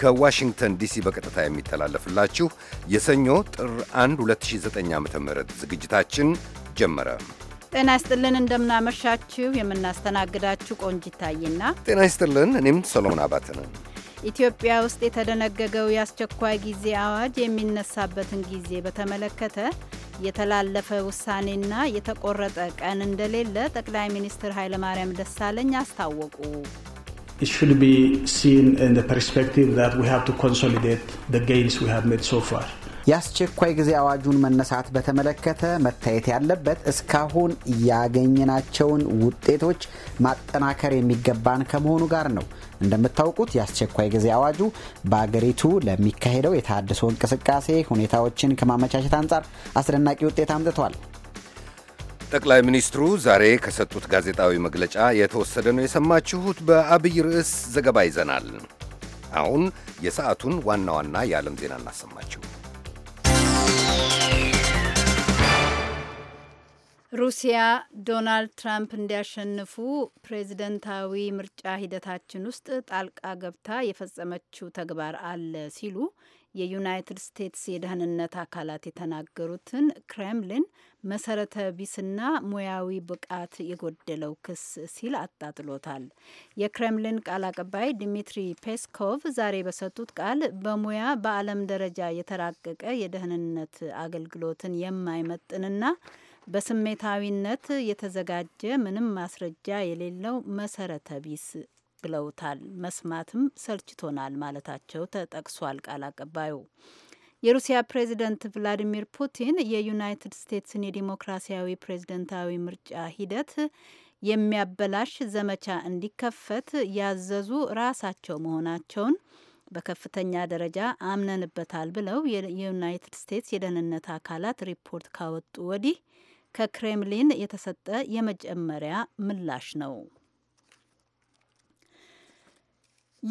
ከዋሽንግተን ዲሲ በቀጥታ የሚተላለፍላችሁ የሰኞ ጥር 1 2009 ዓ ም ዝግጅታችን ጀመረ። ጤና ይስጥልን፣ እንደምናመሻችሁ። የምናስተናግዳችሁ ቆንጂት ታይና፣ ጤና ይስጥልን። እኔም ሰሎሞን አባተ ነን። ኢትዮጵያ ውስጥ የተደነገገው የአስቸኳይ ጊዜ አዋጅ የሚነሳበትን ጊዜ በተመለከተ የተላለፈ ውሳኔና የተቆረጠ ቀን እንደሌለ ጠቅላይ ሚኒስትር ኃይለማርያም ደሳለኝ አስታወቁ። it should be seen in the perspective that we have to consolidate the gains we have made so far. የአስቸኳይ ጊዜ አዋጁን መነሳት በተመለከተ መታየት ያለበት እስካሁን ያገኘናቸውን ውጤቶች ማጠናከር የሚገባን ከመሆኑ ጋር ነው። እንደምታውቁት የአስቸኳይ ጊዜ አዋጁ በአገሪቱ ለሚካሄደው የታድሶ እንቅስቃሴ ሁኔታዎችን ከማመቻቸት አንጻር አስደናቂ ውጤት አምጥቷል። ጠቅላይ ሚኒስትሩ ዛሬ ከሰጡት ጋዜጣዊ መግለጫ የተወሰደ ነው የሰማችሁት። በአብይ ርዕስ ዘገባ ይዘናል። አሁን የሰዓቱን ዋና ዋና የዓለም ዜና እናሰማችሁ። ሩሲያ ዶናልድ ትራምፕ እንዲያሸንፉ ፕሬዚደንታዊ ምርጫ ሂደታችን ውስጥ ጣልቃ ገብታ የፈጸመችው ተግባር አለ ሲሉ የዩናይትድ ስቴትስ የደህንነት አካላት የተናገሩትን ክሬምሊን መሰረተ ቢስና ሙያዊ ብቃት የጎደለው ክስ ሲል አጣጥሎታል። የክሬምሊን ቃል አቀባይ ዲሚትሪ ፔስኮቭ ዛሬ በሰጡት ቃል በሙያ በዓለም ደረጃ የተራቀቀ የደህንነት አገልግሎትን የማይመጥንና በስሜታዊነት የተዘጋጀ ምንም ማስረጃ የሌለው መሰረተ ቢስ ብለውታል። መስማትም ሰልችቶናል ማለታቸው ተጠቅሷል። ቃል አቀባዩ የሩሲያ ፕሬዚደንት ቭላዲሚር ፑቲን የዩናይትድ ስቴትስን የዲሞክራሲያዊ ፕሬዝደንታዊ ምርጫ ሂደት የሚያበላሽ ዘመቻ እንዲከፈት ያዘዙ ራሳቸው መሆናቸውን በከፍተኛ ደረጃ አምነንበታል ብለው የዩናይትድ ስቴትስ የደህንነት አካላት ሪፖርት ካወጡ ወዲህ ከክሬምሊን የተሰጠ የመጀመሪያ ምላሽ ነው።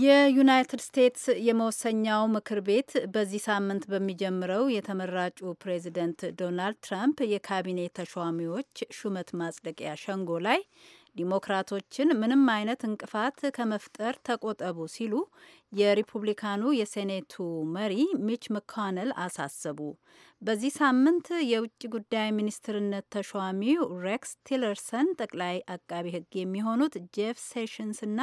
የዩናይትድ ስቴትስ የመወሰኛው ምክር ቤት በዚህ ሳምንት በሚጀምረው የተመራጩ ፕሬዚደንት ዶናልድ ትራምፕ የካቢኔ ተሿሚዎች ሹመት ማጽደቂያ ሸንጎ ላይ ዲሞክራቶችን ምንም አይነት እንቅፋት ከመፍጠር ተቆጠቡ ሲሉ የሪፑብሊካኑ የሴኔቱ መሪ ሚች መካነል አሳሰቡ። በዚህ ሳምንት የውጭ ጉዳይ ሚኒስትርነት ተሿሚው ሬክስ ቲለርሰን ጠቅላይ አቃቢ ሕግ የሚሆኑት ጄፍ ሴሽንስ እና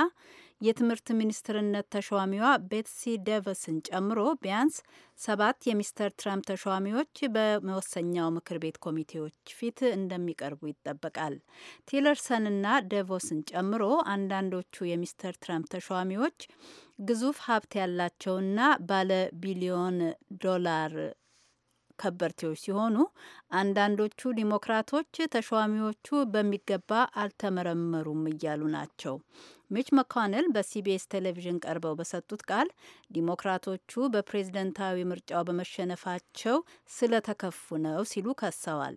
የትምህርት ሚኒስትርነት ተሿሚዋ ቤትሲ ደቨስን ጨምሮ ቢያንስ ሰባት የሚስተር ትራምፕ ተሿሚዎች በመወሰኛው ምክር ቤት ኮሚቴዎች ፊት እንደሚቀርቡ ይጠበቃል። ቲለርሰንና ደቮስን ጨምሮ አንዳንዶቹ የሚስተር ትራምፕ ተሿሚዎች ግዙፍ ሀብት ያላቸውና ባለ ቢሊዮን ዶላር ከበርቴዎች ሲሆኑ አንዳንዶቹ ዲሞክራቶች ተሿሚዎቹ በሚገባ አልተመረመሩም እያሉ ናቸው። ሚች መኮንል በሲቢኤስ ቴሌቪዥን ቀርበው በሰጡት ቃል ዲሞክራቶቹ በፕሬዝደንታዊ ምርጫው በመሸነፋቸው ስለተከፉ ነው ሲሉ ከሰዋል።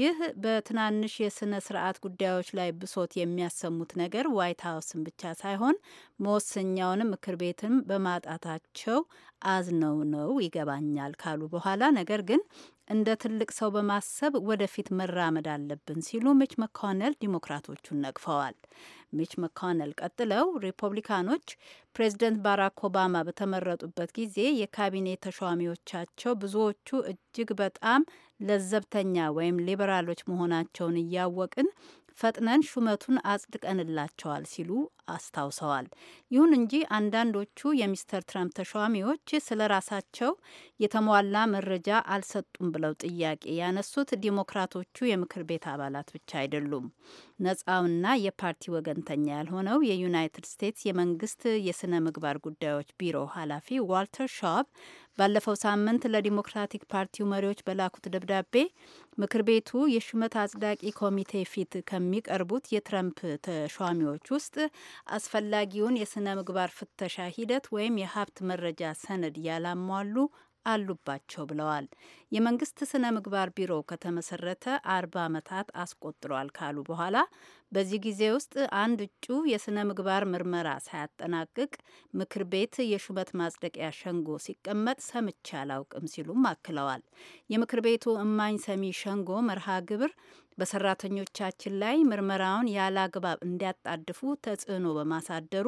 ይህ በትናንሽ የስነ ስርዓት ጉዳዮች ላይ ብሶት የሚያሰሙት ነገር ዋይት ሀውስን ብቻ ሳይሆን መወሰኛውን ምክር ቤትን በማጣታቸው አዝነው ነው ይገባኛል ካሉ በኋላ ነገር ግን እንደ ትልቅ ሰው በማሰብ ወደፊት መራመድ አለብን ሲሉ ሚች መኮነል ዲሞክራቶቹን ነቅፈዋል። ሚች መኮነል ቀጥለው ሪፐብሊካኖች ፕሬዚደንት ባራክ ኦባማ በተመረጡበት ጊዜ የካቢኔ ተሿሚዎቻቸው ብዙዎቹ እጅግ በጣም ለዘብተኛ ወይም ሊበራሎች መሆናቸውን እያወቅን ፈጥነን ሹመቱን አጽድቀንላቸዋል ሲሉ አስታውሰዋል። ይሁን እንጂ አንዳንዶቹ የሚስተር ትራምፕ ተሿሚዎች ስለ ራሳቸው የተሟላ መረጃ አልሰጡም ብለው ጥያቄ ያነሱት ዲሞክራቶቹ የምክር ቤት አባላት ብቻ አይደሉም። ነጻውና የፓርቲ ወገንተኛ ያልሆነው የዩናይትድ ስቴትስ የመንግስት የስነ ምግባር ጉዳዮች ቢሮ ኃላፊ ዋልተር ሻብ ባለፈው ሳምንት ለዲሞክራቲክ ፓርቲው መሪዎች በላኩት ደብዳቤ ምክር ቤቱ የሹመት አጽዳቂ ኮሚቴ ፊት ከሚቀርቡት የትረምፕ ተሿሚዎች ውስጥ አስፈላጊውን የስነ ምግባር ፍተሻ ሂደት ወይም የሀብት መረጃ ሰነድ ያላሟሉ አሉባቸው ብለዋል። የመንግስት ስነ ምግባር ቢሮ ከተመሰረተ አርባ ዓመታት አስቆጥሯል ካሉ በኋላ በዚህ ጊዜ ውስጥ አንድ እጩ የስነ ምግባር ምርመራ ሳያጠናቅቅ ምክር ቤት የሹመት ማጽደቂያ ሸንጎ ሲቀመጥ ሰምቼ አላውቅም ሲሉም አክለዋል። የምክር ቤቱ እማኝ ሰሚ ሸንጎ መርሃ ግብር በሰራተኞቻችን ላይ ምርመራውን ያለ አግባብ እንዲያጣድፉ ተጽዕኖ በማሳደሩ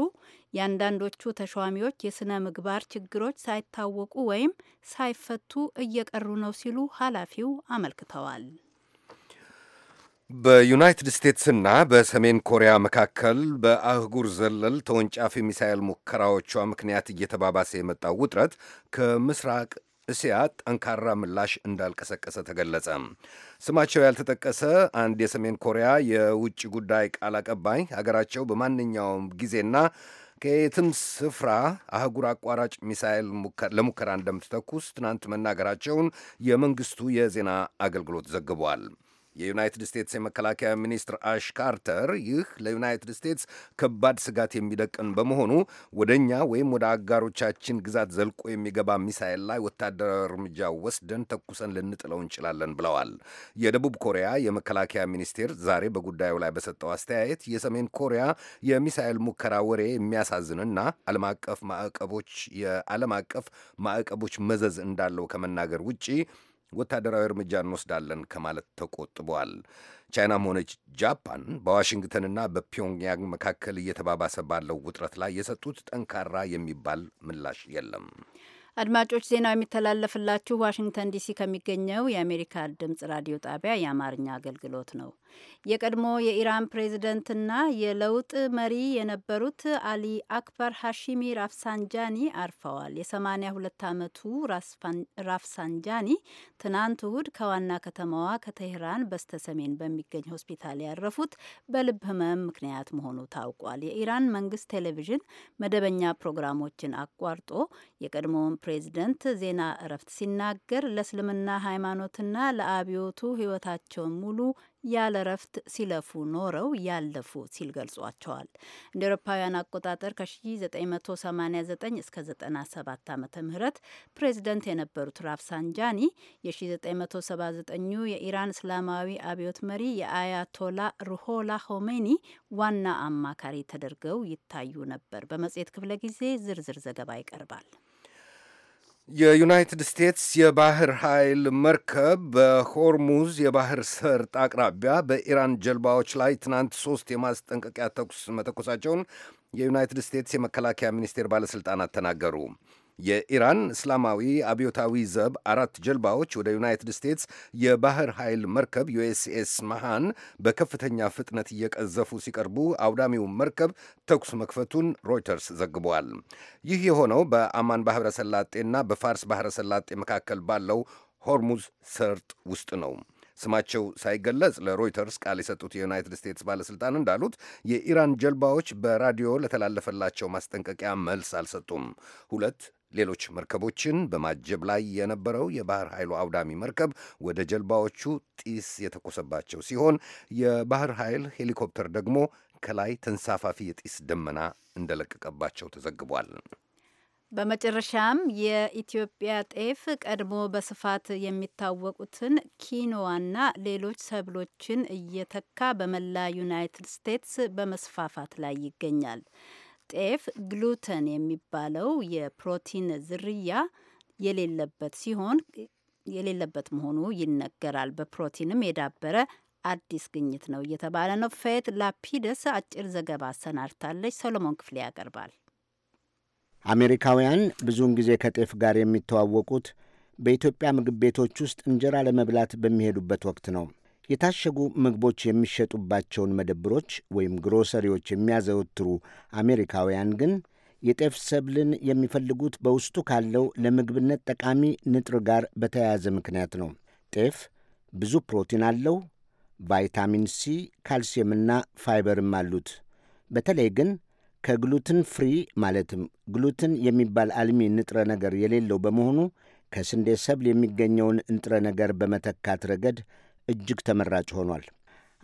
የአንዳንዶቹ ተሿሚዎች የሥነ ምግባር ችግሮች ሳይታወቁ ወይም ሳይፈቱ እየቀሩ ነው ሲሉ ኃላፊው አመልክተዋል። በዩናይትድ ስቴትስና በሰሜን ኮሪያ መካከል በአህጉር ዘለል ተወንጫፊ ሚሳኤል ሙከራዎቿ ምክንያት እየተባባሰ የመጣው ውጥረት ከምስራቅ እስያ ጠንካራ ምላሽ እንዳልቀሰቀሰ ተገለጸ። ስማቸው ያልተጠቀሰ አንድ የሰሜን ኮሪያ የውጭ ጉዳይ ቃል አቀባይ ሀገራቸው በማንኛውም ጊዜና ከየትም ስፍራ አህጉር አቋራጭ ሚሳይል ለሙከራ እንደምትተኩስ ትናንት መናገራቸውን የመንግስቱ የዜና አገልግሎት ዘግቧል። የዩናይትድ ስቴትስ የመከላከያ ሚኒስትር አሽ ካርተር ይህ ለዩናይትድ ስቴትስ ከባድ ስጋት የሚደቅን በመሆኑ ወደ እኛ ወይም ወደ አጋሮቻችን ግዛት ዘልቆ የሚገባ ሚሳይል ላይ ወታደራዊ እርምጃ ወስደን ተኩሰን ልንጥለው እንችላለን ብለዋል። የደቡብ ኮሪያ የመከላከያ ሚኒስቴር ዛሬ በጉዳዩ ላይ በሰጠው አስተያየት የሰሜን ኮሪያ የሚሳይል ሙከራ ወሬ የሚያሳዝንና ዓለም አቀፍ ማዕቀቦች የዓለም አቀፍ ማዕቀቦች መዘዝ እንዳለው ከመናገር ውጪ ወታደራዊ እርምጃ እንወስዳለን ከማለት ተቆጥበዋል። ቻይናም ሆነች ጃፓን በዋሽንግተንና በፒዮንግያንግ መካከል እየተባባሰ ባለው ውጥረት ላይ የሰጡት ጠንካራ የሚባል ምላሽ የለም። አድማጮች ዜናው የሚተላለፍላችሁ ዋሽንግተን ዲሲ ከሚገኘው የአሜሪካ ድምጽ ራዲዮ ጣቢያ የአማርኛ አገልግሎት ነው። የቀድሞ የኢራን ፕሬዝደንትና የለውጥ መሪ የነበሩት አሊ አክበር ሃሺሚ ራፍሳንጃኒ አርፈዋል። የ82 ዓመቱ ራፍሳንጃኒ ትናንት እሁድ ከዋና ከተማዋ ከተሄራን በስተ ሰሜን በሚገኝ ሆስፒታል ያረፉት በልብ ህመም ምክንያት መሆኑ ታውቋል። የኢራን መንግስት ቴሌቪዥን መደበኛ ፕሮግራሞችን አቋርጦ የቀድሞውን ፕሬዝደንት ዜና እረፍት ሲናገር ለእስልምና ሃይማኖትና ለአብዮቱ ህይወታቸውን ሙሉ ያለ እረፍት ሲለፉ ኖረው ያለፉ ሲል ገልጿቸዋል። እንደ ኤሮፓውያን አቆጣጠር ከ1989 እስከ 97 ዓ ም ፕሬዝደንት የነበሩት ራፍሳንጃኒ የ1979ኙ የኢራን እስላማዊ አብዮት መሪ የአያቶላ ሩሆላ ሆሜኒ ዋና አማካሪ ተደርገው ይታዩ ነበር። በመጽሔት ክፍለ ጊዜ ዝርዝር ዘገባ ይቀርባል። የዩናይትድ ስቴትስ የባህር ኃይል መርከብ በሆርሙዝ የባህር ሰርጥ አቅራቢያ በኢራን ጀልባዎች ላይ ትናንት ሶስት የማስጠንቀቂያ ተኩስ መተኮሳቸውን የዩናይትድ ስቴትስ የመከላከያ ሚኒስቴር ባለሥልጣናት ተናገሩ። የኢራን እስላማዊ አብዮታዊ ዘብ አራት ጀልባዎች ወደ ዩናይትድ ስቴትስ የባህር ኃይል መርከብ ዩኤስኤስ መሃን በከፍተኛ ፍጥነት እየቀዘፉ ሲቀርቡ አውዳሚው መርከብ ተኩስ መክፈቱን ሮይተርስ ዘግቧል። ይህ የሆነው በአማን ባህረ ሰላጤና በፋርስ ባህረ ሰላጤ መካከል ባለው ሆርሙዝ ሰርጥ ውስጥ ነው። ስማቸው ሳይገለጽ ለሮይተርስ ቃል የሰጡት የዩናይትድ ስቴትስ ባለሥልጣን እንዳሉት የኢራን ጀልባዎች በራዲዮ ለተላለፈላቸው ማስጠንቀቂያ መልስ አልሰጡም። ሁለት ሌሎች መርከቦችን በማጀብ ላይ የነበረው የባህር ኃይሉ አውዳሚ መርከብ ወደ ጀልባዎቹ ጢስ የተኮሰባቸው ሲሆን የባህር ኃይል ሄሊኮፕተር ደግሞ ከላይ ተንሳፋፊ የጢስ ደመና እንደለቀቀባቸው ተዘግቧል። በመጨረሻም የኢትዮጵያ ጤፍ ቀድሞ በስፋት የሚታወቁትን ኪኖዋና ሌሎች ሰብሎችን እየተካ በመላ ዩናይትድ ስቴትስ በመስፋፋት ላይ ይገኛል። ጤፍ ግሉተን የሚባለው የፕሮቲን ዝርያ የሌለበት ሲሆን የሌለበት መሆኑ ይነገራል። በፕሮቲንም የዳበረ አዲስ ግኝት ነው እየተባለ ነው። ፌት ላፒደስ አጭር ዘገባ አሰናድታለች። ሰሎሞን ክፍሌ ያቀርባል። አሜሪካውያን ብዙውን ጊዜ ከጤፍ ጋር የሚተዋወቁት በኢትዮጵያ ምግብ ቤቶች ውስጥ እንጀራ ለመብላት በሚሄዱበት ወቅት ነው። የታሸጉ ምግቦች የሚሸጡባቸውን መደብሮች ወይም ግሮሰሪዎች የሚያዘወትሩ አሜሪካውያን ግን የጤፍ ሰብልን የሚፈልጉት በውስጡ ካለው ለምግብነት ጠቃሚ ንጥር ጋር በተያያዘ ምክንያት ነው። ጤፍ ብዙ ፕሮቲን አለው። ቫይታሚን ሲ፣ ካልሲየምና ፋይበርም አሉት። በተለይ ግን ከግሉትን ፍሪ ማለትም ግሉትን የሚባል አልሚ ንጥረ ነገር የሌለው በመሆኑ ከስንዴ ሰብል የሚገኘውን ንጥረ ነገር በመተካት ረገድ እጅግ ተመራጭ ሆኗል።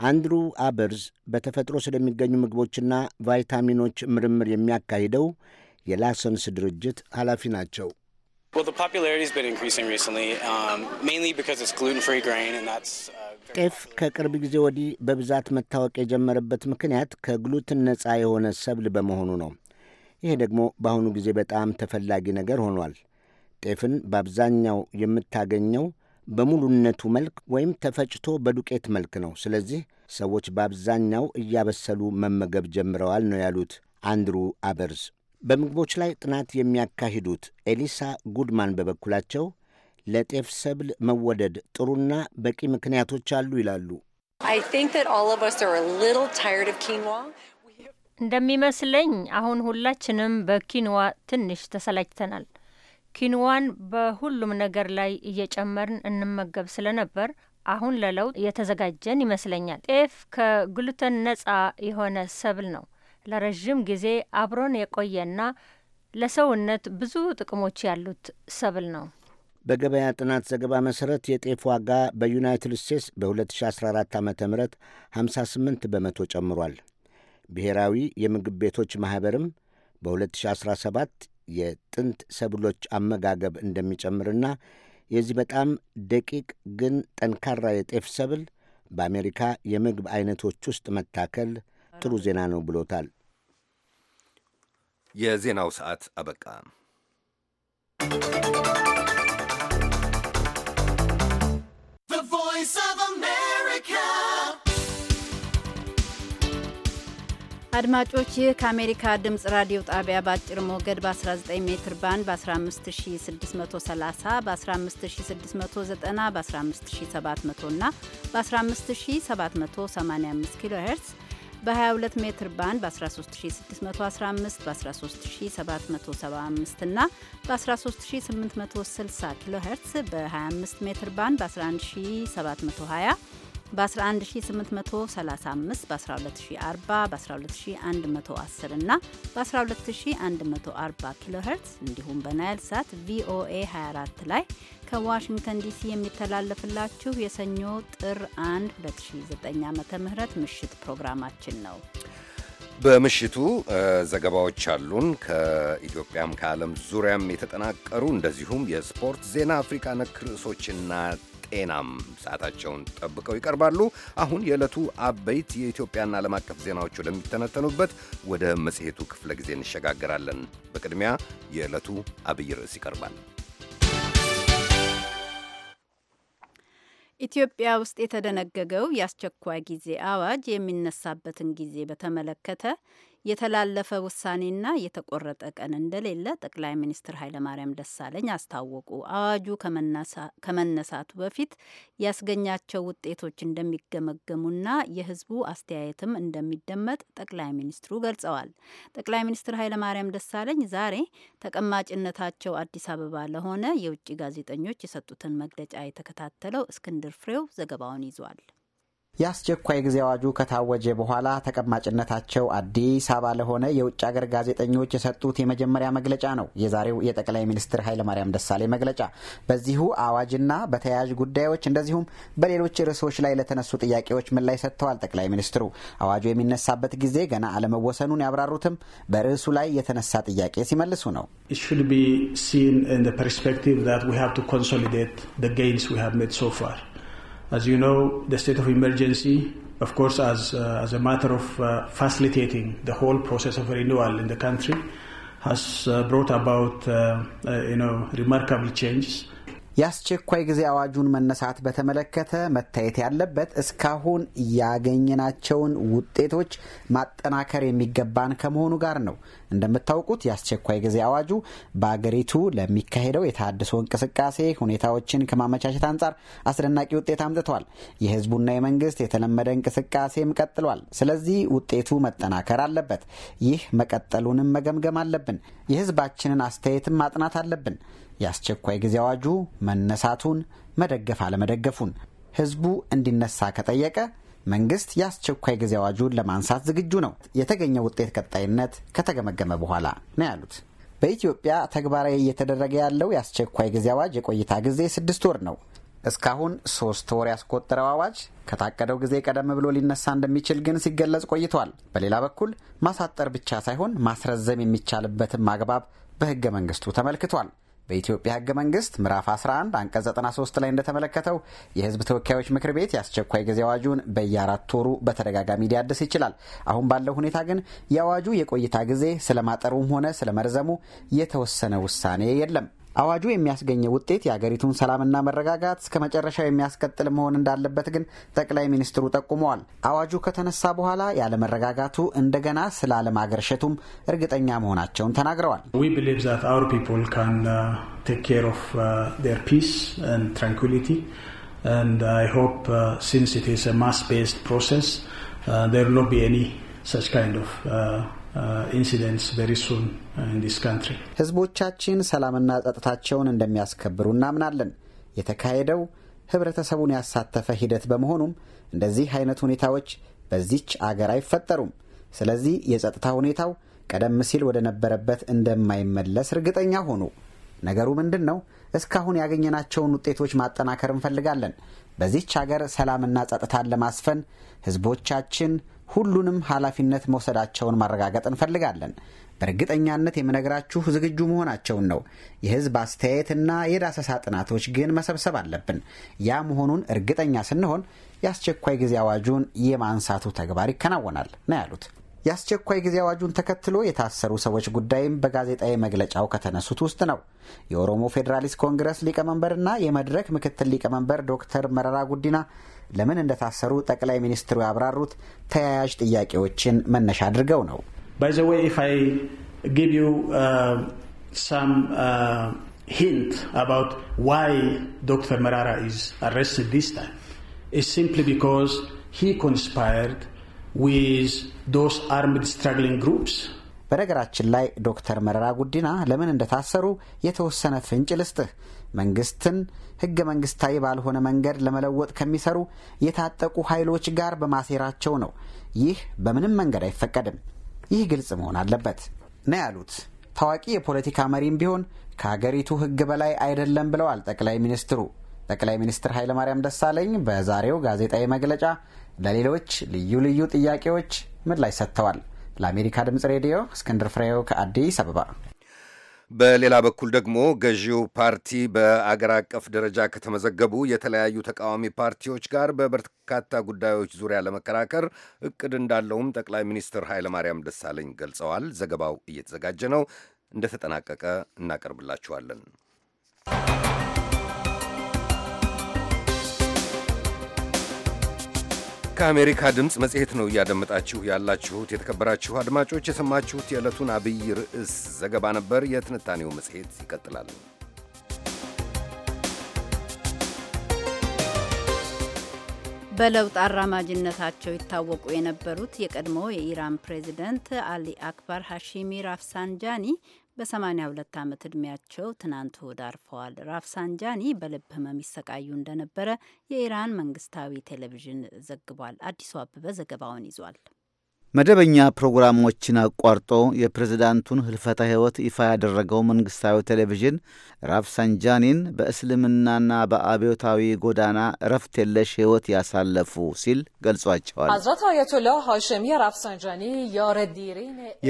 አንድሩ አበርዝ በተፈጥሮ ስለሚገኙ ምግቦችና ቫይታሚኖች ምርምር የሚያካሂደው የላሰንስ ድርጅት ኃላፊ ናቸው። um, uh, ጤፍ ከቅርብ ጊዜ ወዲህ በብዛት መታወቅ የጀመረበት ምክንያት ከግሉትን ነፃ የሆነ ሰብል በመሆኑ ነው። ይሄ ደግሞ በአሁኑ ጊዜ በጣም ተፈላጊ ነገር ሆኗል። ጤፍን በአብዛኛው የምታገኘው በሙሉነቱ መልክ ወይም ተፈጭቶ በዱቄት መልክ ነው። ስለዚህ ሰዎች በአብዛኛው እያበሰሉ መመገብ ጀምረዋል ነው ያሉት አንድሩ አበርዝ። በምግቦች ላይ ጥናት የሚያካሂዱት ኤሊሳ ጉድማን በበኩላቸው ለጤፍ ሰብል መወደድ ጥሩና በቂ ምክንያቶች አሉ ይላሉ። እንደሚመስለኝ አሁን ሁላችንም በኪንዋ ትንሽ ተሰላችተናል። ኪንዋን በሁሉም ነገር ላይ እየጨመርን እንመገብ ስለነበር አሁን ለለውጥ የተዘጋጀን ይመስለኛል። ጤፍ ከግሉተን ነጻ የሆነ ሰብል ነው። ለረዥም ጊዜ አብሮን የቆየና ለሰውነት ብዙ ጥቅሞች ያሉት ሰብል ነው። በገበያ ጥናት ዘገባ መሠረት የጤፍ ዋጋ በዩናይትድ ስቴትስ በ2014 ዓ ም 58 በመቶ ጨምሯል። ብሔራዊ የምግብ ቤቶች ማኅበርም በ2017 የጥንት ሰብሎች አመጋገብ እንደሚጨምርና የዚህ በጣም ደቂቅ ግን ጠንካራ የጤፍ ሰብል በአሜሪካ የምግብ አይነቶች ውስጥ መታከል ጥሩ ዜና ነው ብሎታል። የዜናው ሰዓት አበቃ። አድማጮች ይህ ከአሜሪካ ድምፅ ራዲዮ ጣቢያ በአጭር ሞገድ በ19 ሜትር ባንድ በ15630 በ15690 በ15700 እና በ15785 ኪሎ ሄርትስ በ22 ሜትር ባንድ በ13615 በ13775 እና በ13860 ኪሎ ሄርትስ በ25 ሜትር ባንድ በ11720 በ11835 በ12040 በ12110 እና በ12140 ኪሎ ሄርትስ እንዲሁም በናይል ሳት ቪኦኤ 24 ላይ ከዋሽንግተን ዲሲ የሚተላለፍላችሁ የሰኞ ጥር 1 2009 ዓ ምህረት ምሽት ፕሮግራማችን ነው። በምሽቱ ዘገባዎች አሉን። ከኢትዮጵያም ከዓለም ዙሪያም የተጠናቀሩ እንደዚሁም የስፖርት ዜና፣ አፍሪካ ነክ ርዕሶችና ጤናም ሰዓታቸውን ጠብቀው ይቀርባሉ። አሁን የዕለቱ አበይት የኢትዮጵያና ዓለም አቀፍ ዜናዎች ወደሚተነተኑበት ወደ መጽሔቱ ክፍለ ጊዜ እንሸጋገራለን። በቅድሚያ የዕለቱ አብይ ርዕስ ይቀርባል። ኢትዮጵያ ውስጥ የተደነገገው የአስቸኳይ ጊዜ አዋጅ የሚነሳበትን ጊዜ በተመለከተ የተላለፈ ውሳኔና የተቆረጠ ቀን እንደሌለ ጠቅላይ ሚኒስትር ኃይለማርያም ደሳለኝ አስታወቁ። አዋጁ ከመነሳቱ በፊት ያስገኛቸው ውጤቶች እንደሚገመገሙና የህዝቡ አስተያየትም እንደሚደመጥ ጠቅላይ ሚኒስትሩ ገልጸዋል። ጠቅላይ ሚኒስትር ኃይለማርያም ደሳለኝ ዛሬ ተቀማጭነታቸው አዲስ አበባ ለሆነ የውጭ ጋዜጠኞች የሰጡትን መግለጫ የተከታተለው እስክንድር ፍሬው ዘገባውን ይዟል። የአስቸኳይ ጊዜ አዋጁ ከታወጀ በኋላ ተቀማጭነታቸው አዲስ አበባ ለሆነ የውጭ ሀገር ጋዜጠኞች የሰጡት የመጀመሪያ መግለጫ ነው የዛሬው የጠቅላይ ሚኒስትር ኃይለማርያም ደሳሌ መግለጫ። በዚሁ አዋጅና በተያያዥ ጉዳዮች እንደዚሁም በሌሎች ርዕሶች ላይ ለተነሱ ጥያቄዎች ምላሽ ሰጥተዋል ጠቅላይ ሚኒስትሩ። አዋጁ የሚነሳበት ጊዜ ገና አለመወሰኑን ያብራሩትም በርዕሱ ላይ የተነሳ ጥያቄ ሲመልሱ ነው። it should be seen in the ሜድ ሶ ፋር As you know, the state of emergency, of course, as, uh, as a matter of uh, facilitating the whole process of renewal in the country, has uh, brought about, uh, uh, you know, remarkable changes የአስቸኳይ ጊዜ አዋጁን መነሳት በተመለከተ መታየት ያለበት እስካሁን ያገኘናቸውን ውጤቶች ማጠናከር የሚገባን ከመሆኑ ጋር ነው። እንደምታውቁት የአስቸኳይ ጊዜ አዋጁ በአገሪቱ ለሚካሄደው የታድሶ እንቅስቃሴ ሁኔታዎችን ከማመቻቸት አንጻር አስደናቂ ውጤት አምጥቷል። የህዝቡና የመንግስት የተለመደ እንቅስቃሴም ቀጥሏል። ስለዚህ ውጤቱ መጠናከር አለበት። ይህ መቀጠሉንም መገምገም አለብን። የህዝባችንን አስተያየትም ማጥናት አለብን። የአስቸኳይ ጊዜ አዋጁ መነሳቱን መደገፍ አለመደገፉን ህዝቡ እንዲነሳ ከጠየቀ መንግስት የአስቸኳይ ጊዜ አዋጁን ለማንሳት ዝግጁ ነው፣ የተገኘ ውጤት ቀጣይነት ከተገመገመ በኋላ ነው ያሉት። በኢትዮጵያ ተግባራዊ እየተደረገ ያለው የአስቸኳይ ጊዜ አዋጅ የቆይታ ጊዜ ስድስት ወር ነው። እስካሁን ሶስት ወር ያስቆጠረው አዋጅ ከታቀደው ጊዜ ቀደም ብሎ ሊነሳ እንደሚችል ግን ሲገለጽ ቆይቷል። በሌላ በኩል ማሳጠር ብቻ ሳይሆን ማስረዘም የሚቻልበትም አግባብ በህገ መንግስቱ ተመልክቷል። በኢትዮጵያ ህገ መንግስት ምዕራፍ 11 አንቀጽ 93 ላይ እንደተመለከተው የህዝብ ተወካዮች ምክር ቤት የአስቸኳይ ጊዜ አዋጁን በየአራት ወሩ በተደጋጋሚ ሊያድስ ይችላል። አሁን ባለው ሁኔታ ግን የአዋጁ የቆይታ ጊዜ ስለማጠሩም ሆነ ስለመርዘሙ የተወሰነ ውሳኔ የለም። አዋጁ የሚያስገኘው ውጤት የአገሪቱን ሰላምና መረጋጋት እስከ መጨረሻው የሚያስቀጥል መሆን እንዳለበት ግን ጠቅላይ ሚኒስትሩ ጠቁመዋል። አዋጁ ከተነሳ በኋላ ያለመረጋጋቱ እንደገና ሸቱም እርግጠኛ መሆናቸውን ተናግረዋል። ፕሮሰስ ኢንሲደንትስ ሱን ኢን ዲስ ካንትሪ። ህዝቦቻችን ሰላምና ጸጥታቸውን እንደሚያስከብሩ እናምናለን። የተካሄደው ህብረተሰቡን ያሳተፈ ሂደት በመሆኑም እንደዚህ አይነት ሁኔታዎች በዚች አገር አይፈጠሩም። ስለዚህ የጸጥታ ሁኔታው ቀደም ሲል ወደ ነበረበት እንደማይመለስ እርግጠኛ ሆኑ። ነገሩ ምንድን ነው? እስካሁን ያገኘናቸውን ውጤቶች ማጠናከር እንፈልጋለን። በዚች አገር ሰላምና ጸጥታን ለማስፈን ህዝቦቻችን ሁሉንም ኃላፊነት መውሰዳቸውን ማረጋገጥ እንፈልጋለን። በእርግጠኛነት የምነግራችሁ ዝግጁ መሆናቸውን ነው። የህዝብ አስተያየትና የዳሰሳ ጥናቶች ግን መሰብሰብ አለብን። ያ መሆኑን እርግጠኛ ስንሆን የአስቸኳይ ጊዜ አዋጁን የማንሳቱ ተግባር ይከናወናል ነው ያሉት። የአስቸኳይ ጊዜ አዋጁን ተከትሎ የታሰሩ ሰዎች ጉዳይም በጋዜጣዊ መግለጫው ከተነሱት ውስጥ ነው። የኦሮሞ ፌዴራሊስት ኮንግረስ ሊቀመንበርና የመድረክ ምክትል ሊቀመንበር ዶክተር መረራ ጉዲና ለምን እንደታሰሩ ጠቅላይ ሚኒስትሩ ያብራሩት ተያያዥ ጥያቄዎችን መነሻ አድርገው ነው። ባይ ዘ ዌይ ኢፍ አይ ጊቭ ዩ ሳም ሂንት አባውት ዋይ ዶክተር መራራ ኢዝ አረስትድ ዲስ ታይም ኢዝ ሲምፕሊ ቢኮዝ ሂ ኮንስፓየርድ ዊዝ ዶስ አርምድ ስትራግሊንግ ግሩፕስ በነገራችን ላይ ዶክተር መረራ ጉዲና ለምን እንደታሰሩ የተወሰነ ፍንጭ ልስጥህ። መንግስትን ህገ መንግስታዊ ባልሆነ መንገድ ለመለወጥ ከሚሰሩ የታጠቁ ኃይሎች ጋር በማሴራቸው ነው። ይህ በምንም መንገድ አይፈቀድም። ይህ ግልጽ መሆን አለበት ነው ያሉት። ታዋቂ የፖለቲካ መሪም ቢሆን ከሀገሪቱ ህግ በላይ አይደለም ብለዋል ጠቅላይ ሚኒስትሩ። ጠቅላይ ሚኒስትር ኃይለማርያም ደሳለኝ በዛሬው ጋዜጣዊ መግለጫ ለሌሎች ልዩ ልዩ ጥያቄዎች ምላሽ ሰጥተዋል። ለአሜሪካ ድምፅ ሬዲዮ እስክንድር ፍሬው ከአዲስ አበባ። በሌላ በኩል ደግሞ ገዢው ፓርቲ በአገር አቀፍ ደረጃ ከተመዘገቡ የተለያዩ ተቃዋሚ ፓርቲዎች ጋር በበርካታ ጉዳዮች ዙሪያ ለመከራከር እቅድ እንዳለውም ጠቅላይ ሚኒስትር ኃይለማርያም ደሳለኝ ገልጸዋል። ዘገባው እየተዘጋጀ ነው፣ እንደተጠናቀቀ እናቀርብላችኋለን። ከአሜሪካ ድምፅ መጽሔት ነው እያደመጣችሁ ያላችሁት። የተከበራችሁ አድማጮች የሰማችሁት የዕለቱን አብይ ርዕስ ዘገባ ነበር። የትንታኔው መጽሔት ይቀጥላል። በለውጥ አራማጅነታቸው ይታወቁ የነበሩት የቀድሞ የኢራን ፕሬዚደንት አሊ አክባር ሀሺሚ ራፍሳንጃኒ በ82 ዓመት ዕድሜያቸው ትናንት እሁድ አርፈዋል። ራፍሳንጃኒ በልብ ህመም ይሰቃዩ እንደነበረ የኢራን መንግስታዊ ቴሌቪዥን ዘግቧል። አዲሱ አበበ ዘገባውን ይዟል። መደበኛ ፕሮግራሞችን አቋርጦ የፕሬዝዳንቱን ህልፈተ ሕይወት ይፋ ያደረገው መንግሥታዊ ቴሌቪዥን ራፍሳንጃኒን በእስልምናና በአብዮታዊ ጎዳና እረፍት የለሽ ሕይወት ያሳለፉ ሲል ገልጿቸዋል።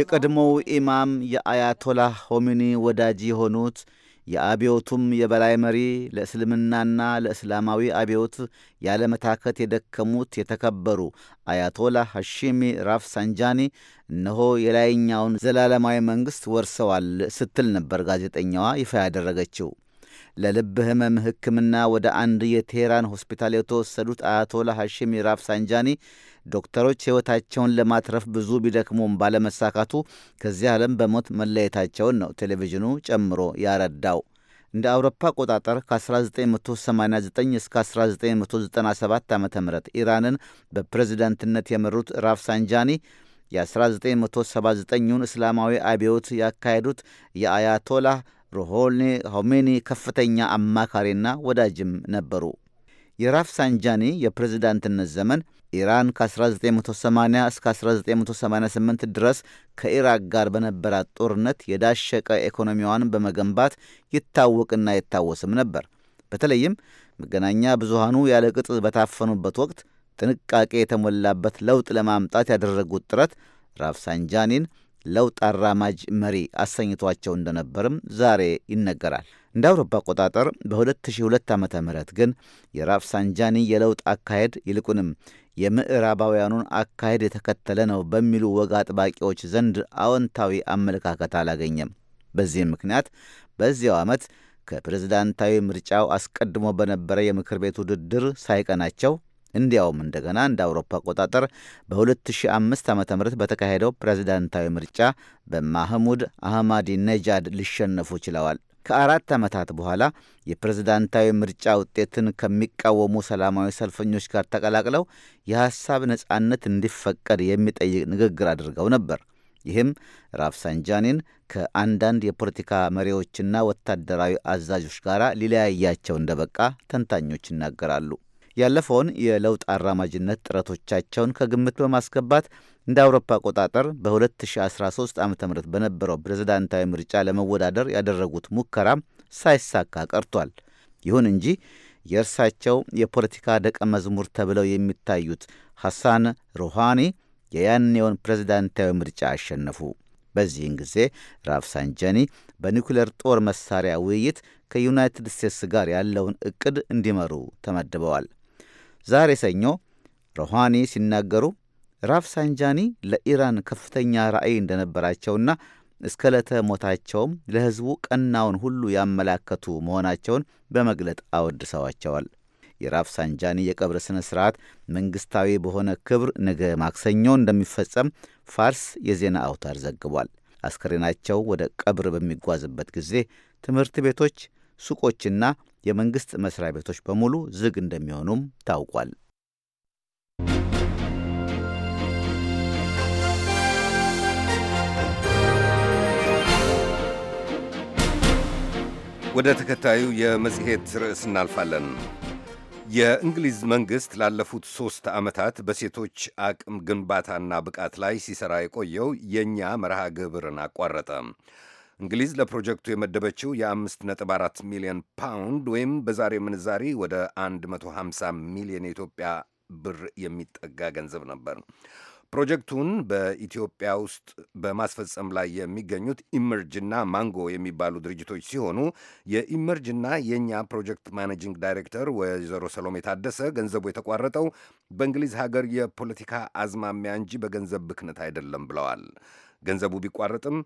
የቀድሞው ኢማም የአያቶላህ ሆሚኒ ወዳጅ የሆኑት የአብዮቱም የበላይ መሪ ለእስልምናና ለእስላማዊ አብዮት ያለመታከት የደከሙት የተከበሩ አያቶላ ሐሺሚ ራፍሳንጃኒ እነሆ የላይኛውን ዘላለማዊ መንግሥት ወርሰዋል ስትል ነበር ጋዜጠኛዋ ይፋ ያደረገችው። ለልብ ሕመም ሕክምና ወደ አንድ የቴሄራን ሆስፒታል የተወሰዱት አያቶላ ሐሺሚ ራፍሳንጃኒ ዶክተሮች ሕይወታቸውን ለማትረፍ ብዙ ቢደክሙም ባለመሳካቱ ከዚህ ዓለም በሞት መለየታቸውን ነው ቴሌቪዥኑ ጨምሮ ያረዳው። እንደ አውሮፓ አቆጣጠር ከ1989 እስከ 1997 ዓ ም ኢራንን በፕሬዝዳንትነት የመሩት ራፍሳንጃኒ የ1979ን እስላማዊ አብዮት ያካሄዱት የአያቶላህ ሩሆኒ ሆሜኒ ከፍተኛ አማካሪና ወዳጅም ነበሩ። የራፍሳንጃኒ የፕሬዝዳንትነት ዘመን ኢራን ከ1980 እስከ 1988 ድረስ ከኢራቅ ጋር በነበራት ጦርነት የዳሸቀ ኢኮኖሚዋን በመገንባት ይታወቅና ይታወስም ነበር። በተለይም መገናኛ ብዙሃኑ ቅጥ በታፈኑበት ወቅት ጥንቃቄ የተሞላበት ለውጥ ለማምጣት ያደረጉት ጥረት ራፍሳንጃኒን ለውጥ አራማጅ መሪ አሰኝቷቸው እንደነበርም ዛሬ ይነገራል። እንደ አውሮፓ አቆጣጠር በ2002 ዓ ም ግን የራፍሳንጃኒ የለውጥ አካሄድ ይልቁንም የምዕራባውያኑን አካሄድ የተከተለ ነው በሚሉ ወግ አጥባቂዎች ዘንድ አዎንታዊ አመለካከት አላገኘም። በዚህም ምክንያት በዚያው ዓመት ከፕሬዝዳንታዊ ምርጫው አስቀድሞ በነበረ የምክር ቤት ውድድር ሳይቀናቸው እንዲያውም እንደገና እንደ አውሮፓ አቆጣጠር በ2005 ዓ ም በተካሄደው ፕሬዝዳንታዊ ምርጫ በማህሙድ አህማዲ ነጃድ ሊሸነፉ ችለዋል። ከአራት ዓመታት በኋላ የፕሬዝዳንታዊ ምርጫ ውጤትን ከሚቃወሙ ሰላማዊ ሰልፈኞች ጋር ተቀላቅለው የሐሳብ ነጻነት እንዲፈቀድ የሚጠይቅ ንግግር አድርገው ነበር። ይህም ራፍሳንጃኒን ከአንዳንድ የፖለቲካ መሪዎችና ወታደራዊ አዛዦች ጋር ሊለያያቸው እንደበቃ ተንታኞች ይናገራሉ። ያለፈውን የለውጥ አራማጅነት ጥረቶቻቸውን ከግምት በማስገባት እንደ አውሮፓ አቆጣጠር በ2013 ዓ ም በነበረው ፕሬዝዳንታዊ ምርጫ ለመወዳደር ያደረጉት ሙከራ ሳይሳካ ቀርቷል። ይሁን እንጂ የእርሳቸው የፖለቲካ ደቀ መዝሙር ተብለው የሚታዩት ሐሳን ሩሃኒ የያኔውን ፕሬዝዳንታዊ ምርጫ አሸነፉ። በዚህን ጊዜ ራፍሳንጃኒ በኒኩሌር ጦር መሳሪያ ውይይት ከዩናይትድ ስቴትስ ጋር ያለውን እቅድ እንዲመሩ ተመድበዋል። ዛሬ ሰኞ ሮሃኒ ሲናገሩ ራፍሳንጃኒ ለኢራን ከፍተኛ ራዕይ እንደነበራቸውና እስከ ዕለተ ሞታቸውም ለሕዝቡ ቀናውን ሁሉ ያመላከቱ መሆናቸውን በመግለጥ አወድሰዋቸዋል። የራፍሳንጃኒ የቀብር ሥነ ሥርዓት መንግሥታዊ በሆነ ክብር ነገ ማክሰኞ እንደሚፈጸም ፋርስ የዜና አውታር ዘግቧል። አስከሬናቸው ወደ ቀብር በሚጓዝበት ጊዜ ትምህርት ቤቶች፣ ሱቆችና የመንግሥት መሥሪያ ቤቶች በሙሉ ዝግ እንደሚሆኑም ታውቋል። ወደ ተከታዩ የመጽሔት ርዕስ እናልፋለን። የእንግሊዝ መንግሥት ላለፉት ሦስት ዓመታት በሴቶች አቅም ግንባታና ብቃት ላይ ሲሠራ የቆየው የእኛ መርሃ ግብርን አቋረጠ። እንግሊዝ ለፕሮጀክቱ የመደበችው የ5.4 ሚሊዮን ፓውንድ ወይም በዛሬ ምንዛሪ ወደ 150 ሚሊዮን የኢትዮጵያ ብር የሚጠጋ ገንዘብ ነበር። ፕሮጀክቱን በኢትዮጵያ ውስጥ በማስፈጸም ላይ የሚገኙት ኢመርጅና ማንጎ የሚባሉ ድርጅቶች ሲሆኑ የኢመርጅና የእኛ ፕሮጀክት ማኔጂንግ ዳይሬክተር ወይዘሮ ሰሎሜ ታደሰ ገንዘቡ የተቋረጠው በእንግሊዝ ሀገር የፖለቲካ አዝማሚያ እንጂ በገንዘብ ብክነት አይደለም ብለዋል። ገንዘቡ ቢቋረጥም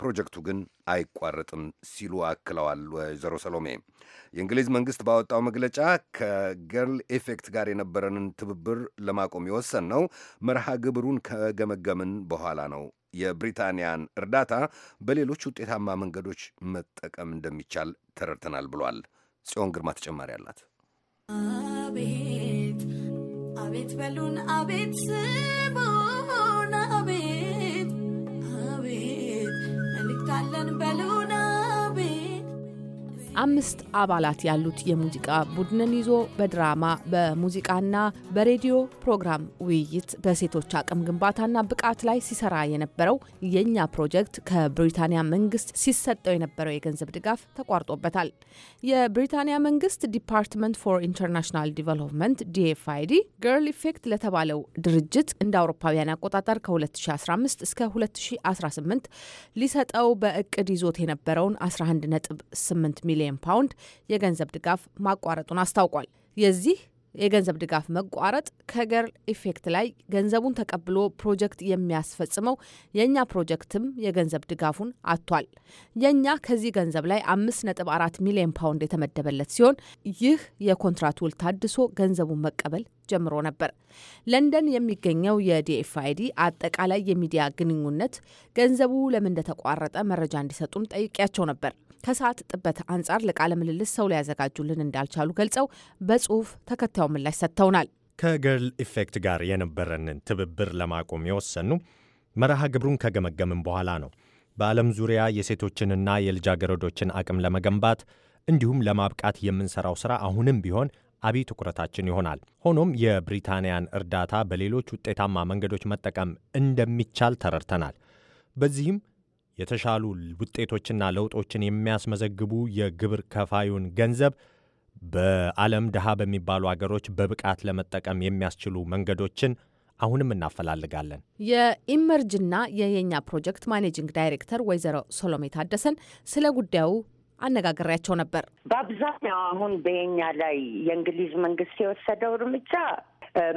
ፕሮጀክቱ ግን አይቋረጥም ሲሉ አክለዋል ወይዘሮ ሰሎሜ። የእንግሊዝ መንግስት ባወጣው መግለጫ ከገርል ኢፌክት ጋር የነበረንን ትብብር ለማቆም የወሰን ነው መርሃ ግብሩን ከገመገምን በኋላ ነው። የብሪታንያን እርዳታ በሌሎች ውጤታማ መንገዶች መጠቀም እንደሚቻል ተረድተናል ብሏል። ጽዮን ግርማ ተጨማሪ አላት። አቤት አቤት በሉን አቤት ስቡን አቤት Alan Balloon. አምስት አባላት ያሉት የሙዚቃ ቡድንን ይዞ በድራማ በሙዚቃና በሬዲዮ ፕሮግራም ውይይት በሴቶች አቅም ግንባታና ብቃት ላይ ሲሰራ የነበረው የእኛ ፕሮጀክት ከብሪታንያ መንግስት ሲሰጠው የነበረው የገንዘብ ድጋፍ ተቋርጦበታል። የብሪታንያ መንግስት ዲፓርትመንት ፎር ኢንተርናሽናል ዲቨሎፕመንት ዲኤፍአይዲ ገርል ኢፌክት ለተባለው ድርጅት እንደ አውሮፓውያን አቆጣጠር ከ2015 እስከ 2018 ሊሰጠው በእቅድ ይዞት የነበረውን 11.8 ሚሊዮን ሚሊዮን ፓውንድ የገንዘብ ድጋፍ ማቋረጡን አስታውቋል። የዚህ የገንዘብ ድጋፍ መቋረጥ ከገርል ኢፌክት ላይ ገንዘቡን ተቀብሎ ፕሮጀክት የሚያስፈጽመው የእኛ ፕሮጀክትም የገንዘብ ድጋፉን አጥቷል። የእኛ ከዚህ ገንዘብ ላይ አምስት ነጥብ አራት ሚሊዮን ፓውንድ የተመደበለት ሲሆን ይህ የኮንትራት ውል ታድሶ ገንዘቡን መቀበል ጀምሮ ነበር። ለንደን የሚገኘው የዲኤፍአይዲ አጠቃላይ የሚዲያ ግንኙነት ገንዘቡ ለምን እንደተቋረጠ መረጃ እንዲሰጡን ጠይቄያቸው ነበር። ከሰዓት ጥበት አንጻር ለቃለ ምልልስ ሰው ሊያዘጋጁልን እንዳልቻሉ ገልጸው በጽሁፍ ተከታዩ ምላሽ ሰጥተውናል። ከገርል ኢፌክት ጋር የነበረንን ትብብር ለማቆም የወሰኑ መርሃ ግብሩን ከገመገምን በኋላ ነው። በዓለም ዙሪያ የሴቶችንና የልጃገረዶችን አቅም ለመገንባት እንዲሁም ለማብቃት የምንሰራው ሥራ አሁንም ቢሆን አብይ ትኩረታችን ይሆናል። ሆኖም የብሪታንያን እርዳታ በሌሎች ውጤታማ መንገዶች መጠቀም እንደሚቻል ተረድተናል። በዚህም የተሻሉ ውጤቶችና ለውጦችን የሚያስመዘግቡ የግብር ከፋዩን ገንዘብ በዓለም ድሃ በሚባሉ አገሮች በብቃት ለመጠቀም የሚያስችሉ መንገዶችን አሁንም እናፈላልጋለን። የኢመርጅና የየኛ ፕሮጀክት ማኔጂንግ ዳይሬክተር ወይዘሮ ሶሎሜ ታደሰን ስለ ጉዳዩ አነጋግሬያቸው ነበር። በአብዛኛው አሁን በኛ ላይ የእንግሊዝ መንግስት የወሰደው እርምጃ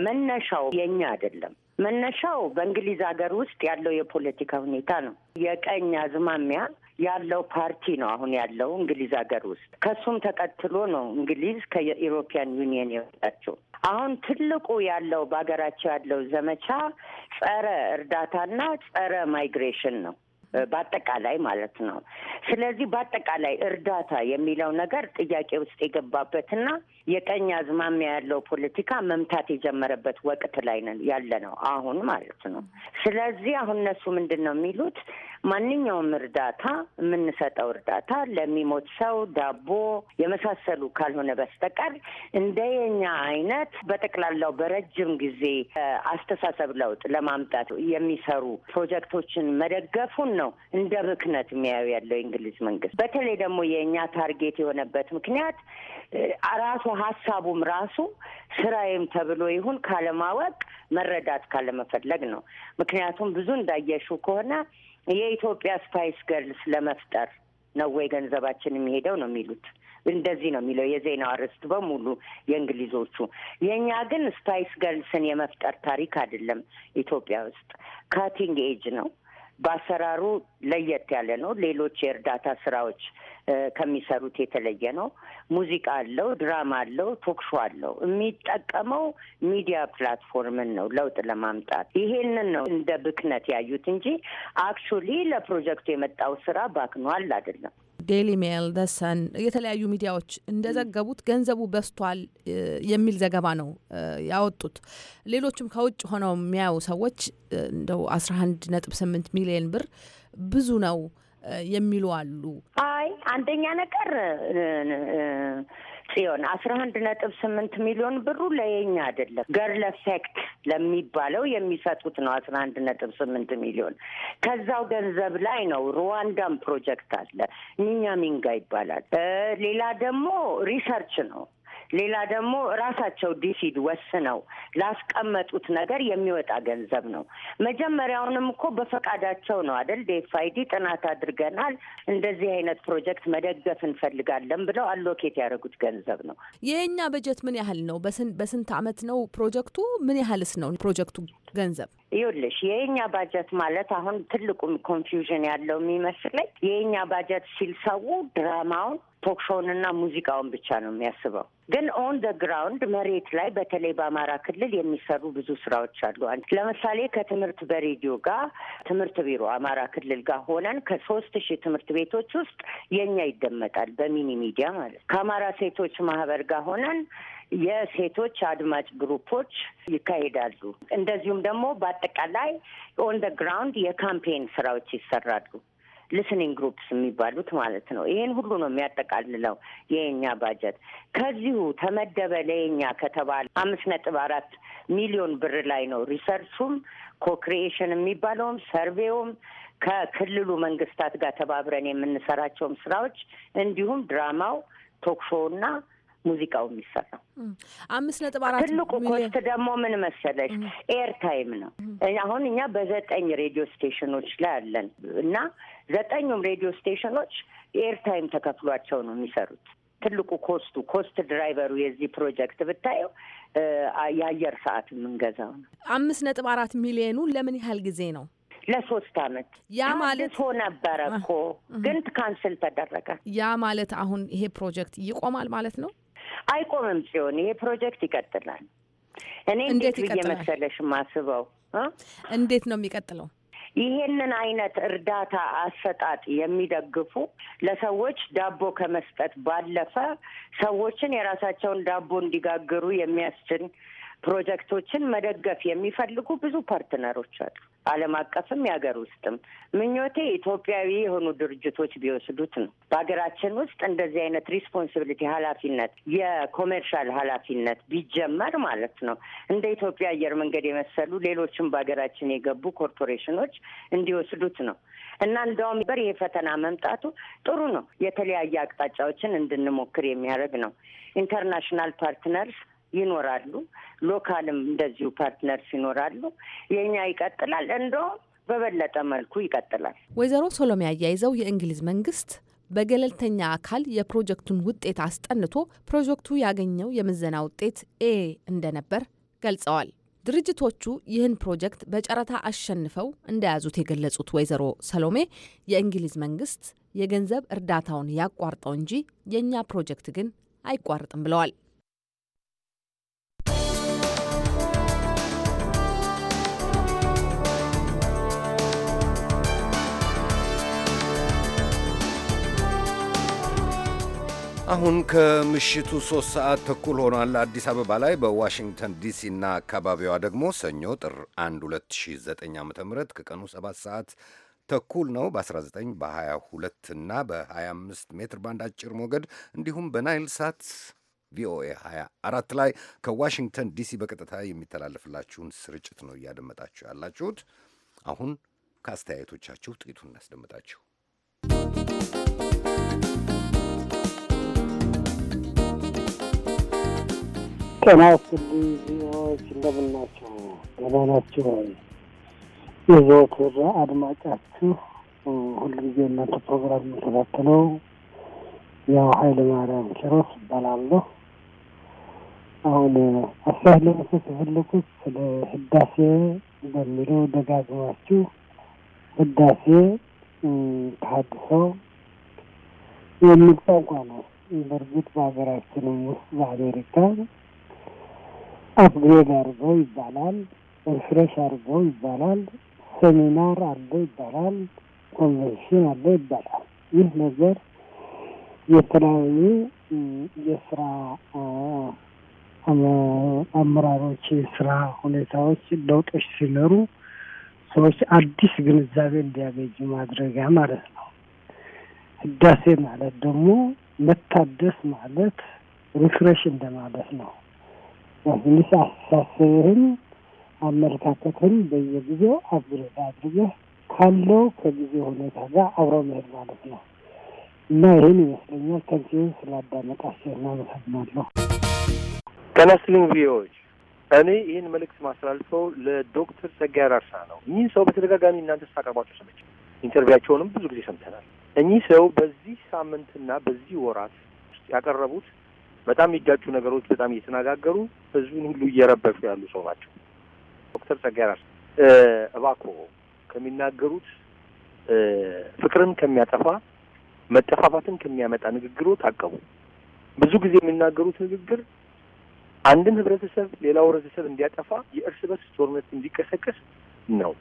መነሻው የኛ አይደለም። መነሻው በእንግሊዝ ሀገር ውስጥ ያለው የፖለቲካ ሁኔታ ነው። የቀኝ አዝማሚያ ያለው ፓርቲ ነው አሁን ያለው እንግሊዝ ሀገር ውስጥ። ከሱም ተቀትሎ ነው እንግሊዝ ከኢሮፒያን ዩኒየን የወጣቸው። አሁን ትልቁ ያለው በሀገራቸው ያለው ዘመቻ ጸረ እርዳታና ጸረ ማይግሬሽን ነው። በአጠቃላይ ማለት ነው። ስለዚህ በአጠቃላይ እርዳታ የሚለው ነገር ጥያቄ ውስጥ የገባበትና የቀኝ አዝማሚያ ያለው ፖለቲካ መምታት የጀመረበት ወቅት ላይ ያለ ነው አሁን ማለት ነው። ስለዚህ አሁን እነሱ ምንድን ነው የሚሉት ማንኛውም እርዳታ የምንሰጠው እርዳታ ለሚሞት ሰው ዳቦ የመሳሰሉ ካልሆነ በስተቀር እንደ የኛ አይነት በጠቅላላው በረጅም ጊዜ አስተሳሰብ ለውጥ ለማምጣት የሚሰሩ ፕሮጀክቶችን መደገፉን ነው እንደ ብክነት የሚያዩ ያለው የእንግሊዝ መንግስት። በተለይ ደግሞ የእኛ ታርጌት የሆነበት ምክንያት ራሷ ሀሳቡም ራሱ ስራዬም ተብሎ ይሁን ካለማወቅ መረዳት ካለመፈለግ ነው። ምክንያቱም ብዙ እንዳየሹ ከሆነ የኢትዮጵያ ስፓይስ ገርልስ ለመፍጠር ነው ወይ ገንዘባችን የሚሄደው ነው የሚሉት። እንደዚህ ነው የሚለው የዜናው አርዕስት በሙሉ የእንግሊዞቹ። የእኛ ግን ስፓይስ ገርልስን የመፍጠር ታሪክ አይደለም ኢትዮጵያ ውስጥ ካቲንግ ኤጅ ነው በአሰራሩ ለየት ያለ ነው። ሌሎች የእርዳታ ስራዎች ከሚሰሩት የተለየ ነው። ሙዚቃ አለው፣ ድራማ አለው፣ ቶክሾ አለው። የሚጠቀመው ሚዲያ ፕላትፎርምን ነው ለውጥ ለማምጣት። ይሄንን ነው እንደ ብክነት ያዩት እንጂ አክቹሊ ለፕሮጀክቱ የመጣው ስራ ባክኗል አይደለም። ዴሊ ሜል፣ ደሰን የተለያዩ ሚዲያዎች እንደዘገቡት ገንዘቡ በስቷል የሚል ዘገባ ነው ያወጡት። ሌሎችም ከውጭ ሆነው የሚያዩ ሰዎች እንደው 11 ነጥብ 8 ሚሊዮን ብር ብዙ ነው የሚሉ አሉ። አይ አንደኛ ነገር ጽዮን አስራ አንድ ነጥብ ስምንት ሚሊዮን ብሩ ለየኛ አይደለም ገርል ኤፌክት ለሚባለው የሚሰጡት ነው። አስራ አንድ ነጥብ ስምንት ሚሊዮን ከዛው ገንዘብ ላይ ነው። ሩዋንዳም ፕሮጀክት አለ ኒኛሚንጋ ይባላል። ሌላ ደግሞ ሪሰርች ነው ሌላ ደግሞ ራሳቸው ዲሲድ ወስነው ላስቀመጡት ነገር የሚወጣ ገንዘብ ነው። መጀመሪያውንም እኮ በፈቃዳቸው ነው አደል ዴፋይዲ ጥናት አድርገናል፣ እንደዚህ አይነት ፕሮጀክት መደገፍ እንፈልጋለን ብለው አሎኬት ያደረጉት ገንዘብ ነው። የኛ በጀት ምን ያህል ነው? በስንት አመት ነው ፕሮጀክቱ? ምን ያህልስ ነው ፕሮጀክቱ ገንዘብ ይኸውልሽ የኛ ባጀት ማለት አሁን ትልቁ ኮንፊውዥን ያለው የሚመስለኝ የኛ ባጀት ሲል ሰው ድራማውን ቶክሾውንና ሙዚቃውን ብቻ ነው የሚያስበው። ግን ኦን ደ ግራውንድ መሬት ላይ በተለይ በአማራ ክልል የሚሰሩ ብዙ ስራዎች አሉ። ለምሳሌ ከትምህርት በሬዲዮ ጋር ትምህርት ቢሮ አማራ ክልል ጋር ሆነን ከሶስት ሺህ ትምህርት ቤቶች ውስጥ የኛ ይደመጣል በሚኒ ሚዲያ ማለት ከአማራ ሴቶች ማህበር ጋር ሆነን የሴቶች አድማጭ ግሩፖች ይካሄዳሉ። እንደዚሁም ደግሞ በአጠቃላይ ኦን ደ ግራውንድ የካምፔን ስራዎች ይሰራሉ። ሊስኒንግ ግሩፕስ የሚባሉት ማለት ነው። ይሄን ሁሉ ነው የሚያጠቃልለው የኛ ባጀት። ከዚሁ ተመደበ ለየኛ ከተባለ አምስት ነጥብ አራት ሚሊዮን ብር ላይ ነው ሪሰርቹም ኮክሪኤሽን የሚባለውም ሰርቬውም ከክልሉ መንግስታት ጋር ተባብረን የምንሰራቸውም ስራዎች እንዲሁም ድራማው ቶክሾውና ሙዚቃው የሚሰራው። አምስት ነጥብ አራት ትልቁ ኮስት ደግሞ ምን መሰለች ኤርታይም ነው። አሁን እኛ በዘጠኝ ሬዲዮ ስቴሽኖች ላይ አለን እና ዘጠኙም ሬዲዮ ስቴሽኖች ኤርታይም ተከፍሏቸው ነው የሚሰሩት። ትልቁ ኮስቱ ኮስት ድራይቨሩ የዚህ ፕሮጀክት ብታየው የአየር ሰዓት የምንገዛው ነው። አምስት ነጥብ አራት ሚሊዮኑ ለምን ያህል ጊዜ ነው? ለሶስት አመት። ያ ማለት ነበረ እኮ ግን ካንስል ተደረገ። ያ ማለት አሁን ይሄ ፕሮጀክት ይቆማል ማለት ነው። አይቆምም። ሲሆን ይሄ ፕሮጀክት ይቀጥላል። እኔ እንዴት ብዬ መሰለሽ ማስበው እንዴት ነው የሚቀጥለው? ይሄንን አይነት እርዳታ አሰጣጥ የሚደግፉ ለሰዎች ዳቦ ከመስጠት ባለፈ ሰዎችን የራሳቸውን ዳቦ እንዲጋግሩ የሚያስችል ፕሮጀክቶችን መደገፍ የሚፈልጉ ብዙ ፓርትነሮች አሉ። ዓለም አቀፍም የሀገር ውስጥም ምኞቴ ኢትዮጵያዊ የሆኑ ድርጅቶች ቢወስዱት ነው። በሀገራችን ውስጥ እንደዚህ አይነት ሪስፖንሲቢሊቲ ኃላፊነት የኮሜርሻል ኃላፊነት ቢጀመር ማለት ነው። እንደ ኢትዮጵያ አየር መንገድ የመሰሉ ሌሎችም በሀገራችን የገቡ ኮርፖሬሽኖች እንዲወስዱት ነው እና እንደውም በር ይሄ ፈተና መምጣቱ ጥሩ ነው። የተለያየ አቅጣጫዎችን እንድንሞክር የሚያደርግ ነው። ኢንተርናሽናል ፓርትነርስ ይኖራሉ። ሎካልም እንደዚሁ ፓርትነርስ ይኖራሉ። የእኛ ይቀጥላል፣ እንደውም በበለጠ መልኩ ይቀጥላል። ወይዘሮ ሶሎሜ አያይዘው የእንግሊዝ መንግስት በገለልተኛ አካል የፕሮጀክቱን ውጤት አስጠንቶ ፕሮጀክቱ ያገኘው የምዘና ውጤት ኤ እንደነበር ገልጸዋል። ድርጅቶቹ ይህን ፕሮጀክት በጨረታ አሸንፈው እንደያዙት የገለጹት ወይዘሮ ሰሎሜ የእንግሊዝ መንግስት የገንዘብ እርዳታውን ያቋርጠው እንጂ የእኛ ፕሮጀክት ግን አይቋርጥም ብለዋል። አሁን ከምሽቱ ሶስት ሰዓት ተኩል ሆኗል አዲስ አበባ ላይ። በዋሽንግተን ዲሲ እና አካባቢዋ ደግሞ ሰኞ ጥር 1 2009 ዓ ም ከቀኑ 7 ሰዓት ተኩል ነው። በ19 በ22 እና በ25 ሜትር ባንድ አጭር ሞገድ እንዲሁም በናይል ሳት ቪኦኤ 24 ላይ ከዋሽንግተን ዲሲ በቀጥታ የሚተላለፍላችሁን ስርጭት ነው እያደመጣችሁ ያላችሁት። አሁን ከአስተያየቶቻችሁ ጥቂቱን እናስደምጣችሁ። ጤና ይስጥልኝ ዜዎች እንደምናቸው ደህና ናቸው። የዘወትር አድማጫችሁ ሁሉ ጊዜ እናንተ ፕሮግራም የምከታተለው ያው ኃይለ ማርያም ኪሮስ እባላለሁ። አሁን አስተያየት ለመስጠት የፈለኩት ስለ ህዳሴ በሚለው ደጋግማችሁ ህዳሴ ተሐድሶ የሚል ቋንቋ ነው። በእርግጥ በሀገራችንም ውስጥ በአሜሪካ አፕግሬድ አድርገው ይባላል። ሪፍሬሽ አድርገው ይባላል። ሴሚናር አለ ይባላል። ኮንቨንሽን አለ ይባላል። ይህ ነገር የተለያዩ የስራ አመራሮች የስራ ሁኔታዎች ለውጦች ሲኖሩ ሰዎች አዲስ ግንዛቤ እንዲያገኙ ማድረጊያ ማለት ነው። ህዳሴ ማለት ደግሞ መታደስ ማለት ሪፍሬሽ እንደማለት ነው። እንግዲህ አስተሳሰብህን አመለካከትህን በየጊዜው አፕግሬድ አድርገህ ካለው ከጊዜ ሁኔታ ጋር አብሮ መሄድ ማለት ነው እና ይህን ይመስለኛል። ከዚህ ስላዳመጣችሁ እናመሰግናለሁ። ጤና ይስጥልኝ ቪዎች እኔ ይህን መልእክት ማስተላልፈው ለዶክተር ጸጋዬ አራርሳ ነው። ይህን ሰው በተደጋጋሚ እናንተ ስታቀርቧቸው ሰምቼ ኢንተርቪያቸውንም ብዙ ጊዜ ሰምተናል። እኚህ ሰው በዚህ ሳምንትና በዚህ ወራት ውስጥ ያቀረቡት በጣም የሚጋጩ ነገሮች በጣም እየተነጋገሩ ህዝቡን ሁሉ እየረበሹ ያሉ ሰው ናቸው። ዶክተር ጸጋዬ ራስ እባክዎ ከሚናገሩት ፍቅርን ከሚያጠፋ መጠፋፋትን ከሚያመጣ ንግግሮ ታቀቡ። ብዙ ጊዜ የሚናገሩት ንግግር አንድን ህብረተሰብ ሌላው ህብረተሰብ እንዲያጠፋ የእርስ በርስ ጦርነት እንዲቀሰቀስ ነው።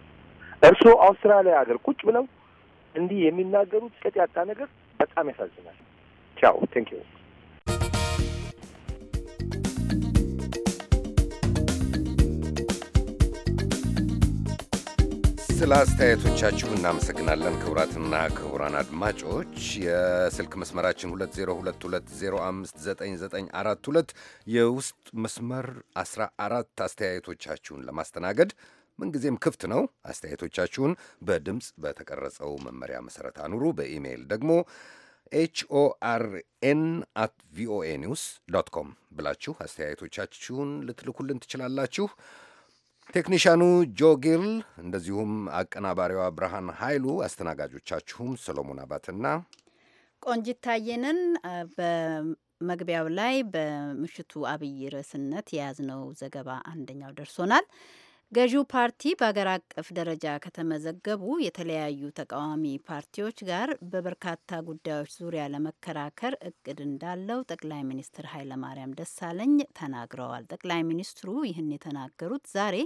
እርስዎ አውስትራሊያ ሀገር ቁጭ ብለው እንዲህ የሚናገሩት ቅጥ ያጣ ነገር በጣም ያሳዝናል። ቻው ቴንክ ዩ ስለ አስተያየቶቻችሁ እናመሰግናለን። ክቡራትና ክቡራን አድማጮች የስልክ መስመራችን 2022059942 የውስጥ መስመር 14 አስተያየቶቻችሁን ለማስተናገድ ምንጊዜም ክፍት ነው። አስተያየቶቻችሁን በድምፅ በተቀረጸው መመሪያ መሰረት አኑሩ። በኢሜይል ደግሞ ኤችኦአርኤን አት ቪኦኤ ኒውስ ዶት ኮም ብላችሁ አስተያየቶቻችሁን ልትልኩልን ትችላላችሁ። ቴክኒሻኑ ጆጊል እንደዚሁም አቀናባሪዋ ብርሃን ኃይሉ አስተናጋጆቻችሁም ሰሎሞን አባትና ቆንጂት ታየንን በመግቢያው ላይ በምሽቱ አብይ ርዕስነት የያዝነው ዘገባ አንደኛው ደርሶናል። ገዢው ፓርቲ በአገር አቀፍ ደረጃ ከተመዘገቡ የተለያዩ ተቃዋሚ ፓርቲዎች ጋር በበርካታ ጉዳዮች ዙሪያ ለመከራከር እቅድ እንዳለው ጠቅላይ ሚኒስትር ኃይለማርያም ደሳለኝ ተናግረዋል። ጠቅላይ ሚኒስትሩ ይህን የተናገሩት ዛሬ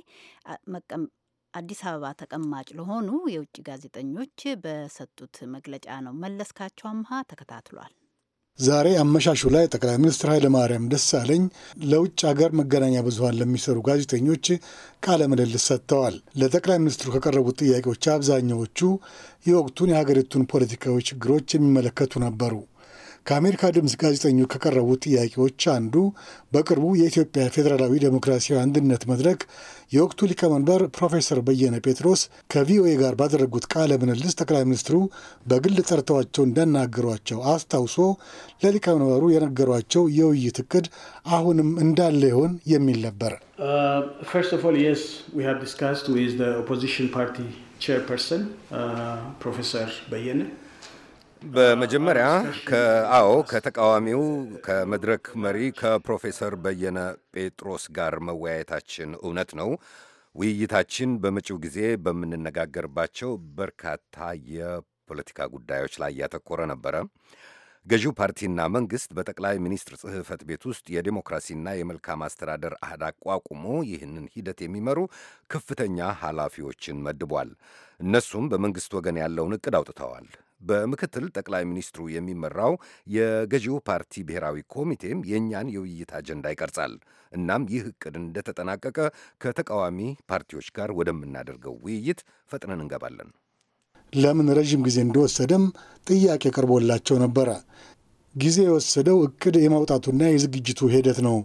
አዲስ አበባ ተቀማጭ ለሆኑ የውጭ ጋዜጠኞች በሰጡት መግለጫ ነው። መለስካቸው አምሃ ተከታትሏል። ዛሬ አመሻሹ ላይ ጠቅላይ ሚኒስትር ኃይለማርያም ደሳለኝ ለውጭ ሀገር መገናኛ ብዙሀን ለሚሰሩ ጋዜጠኞች ቃለ ምልልስ ሰጥተዋል። ለጠቅላይ ሚኒስትሩ ከቀረቡት ጥያቄዎች አብዛኛዎቹ የወቅቱን የሀገሪቱን ፖለቲካዊ ችግሮች የሚመለከቱ ነበሩ። ከአሜሪካ ድምፅ ጋዜጠኞች ከቀረቡት ጥያቄዎች አንዱ በቅርቡ የኢትዮጵያ ፌዴራላዊ ዴሞክራሲያዊ አንድነት መድረክ የወቅቱ ሊቀመንበር ፕሮፌሰር በየነ ጴጥሮስ ከቪኦኤ ጋር ባደረጉት ቃለ ምልልስ ጠቅላይ ሚኒስትሩ በግል ጠርተዋቸው እንዳናገሯቸው አስታውሶ ለሊቀመንበሩ የነገሯቸው የውይይት እቅድ አሁንም እንዳለ ይሆን የሚል ነበር። ፓርቲ ፕሮፌሰር በየነ በመጀመሪያ ከአዎ ከተቃዋሚው ከመድረክ መሪ ከፕሮፌሰር በየነ ጴጥሮስ ጋር መወያየታችን እውነት ነው። ውይይታችን በመጪው ጊዜ በምንነጋገርባቸው በርካታ የፖለቲካ ጉዳዮች ላይ ያተኮረ ነበረ። ገዢው ፓርቲና መንግሥት በጠቅላይ ሚኒስትር ጽህፈት ቤት ውስጥ የዴሞክራሲና የመልካም አስተዳደር አህድ አቋቁሞ ይህንን ሂደት የሚመሩ ከፍተኛ ኃላፊዎችን መድቧል። እነሱም በመንግሥት ወገን ያለውን ዕቅድ አውጥተዋል። በምክትል ጠቅላይ ሚኒስትሩ የሚመራው የገዢው ፓርቲ ብሔራዊ ኮሚቴም የእኛን የውይይት አጀንዳ ይቀርጻል። እናም ይህ እቅድ እንደተጠናቀቀ ከተቃዋሚ ፓርቲዎች ጋር ወደምናደርገው ውይይት ፈጥነን እንገባለን። ለምን ረዥም ጊዜ እንደወሰደም ጥያቄ ቀርቦላቸው ነበረ። ጊዜ የወሰደው እቅድ የማውጣቱና የዝግጅቱ ሂደት ነው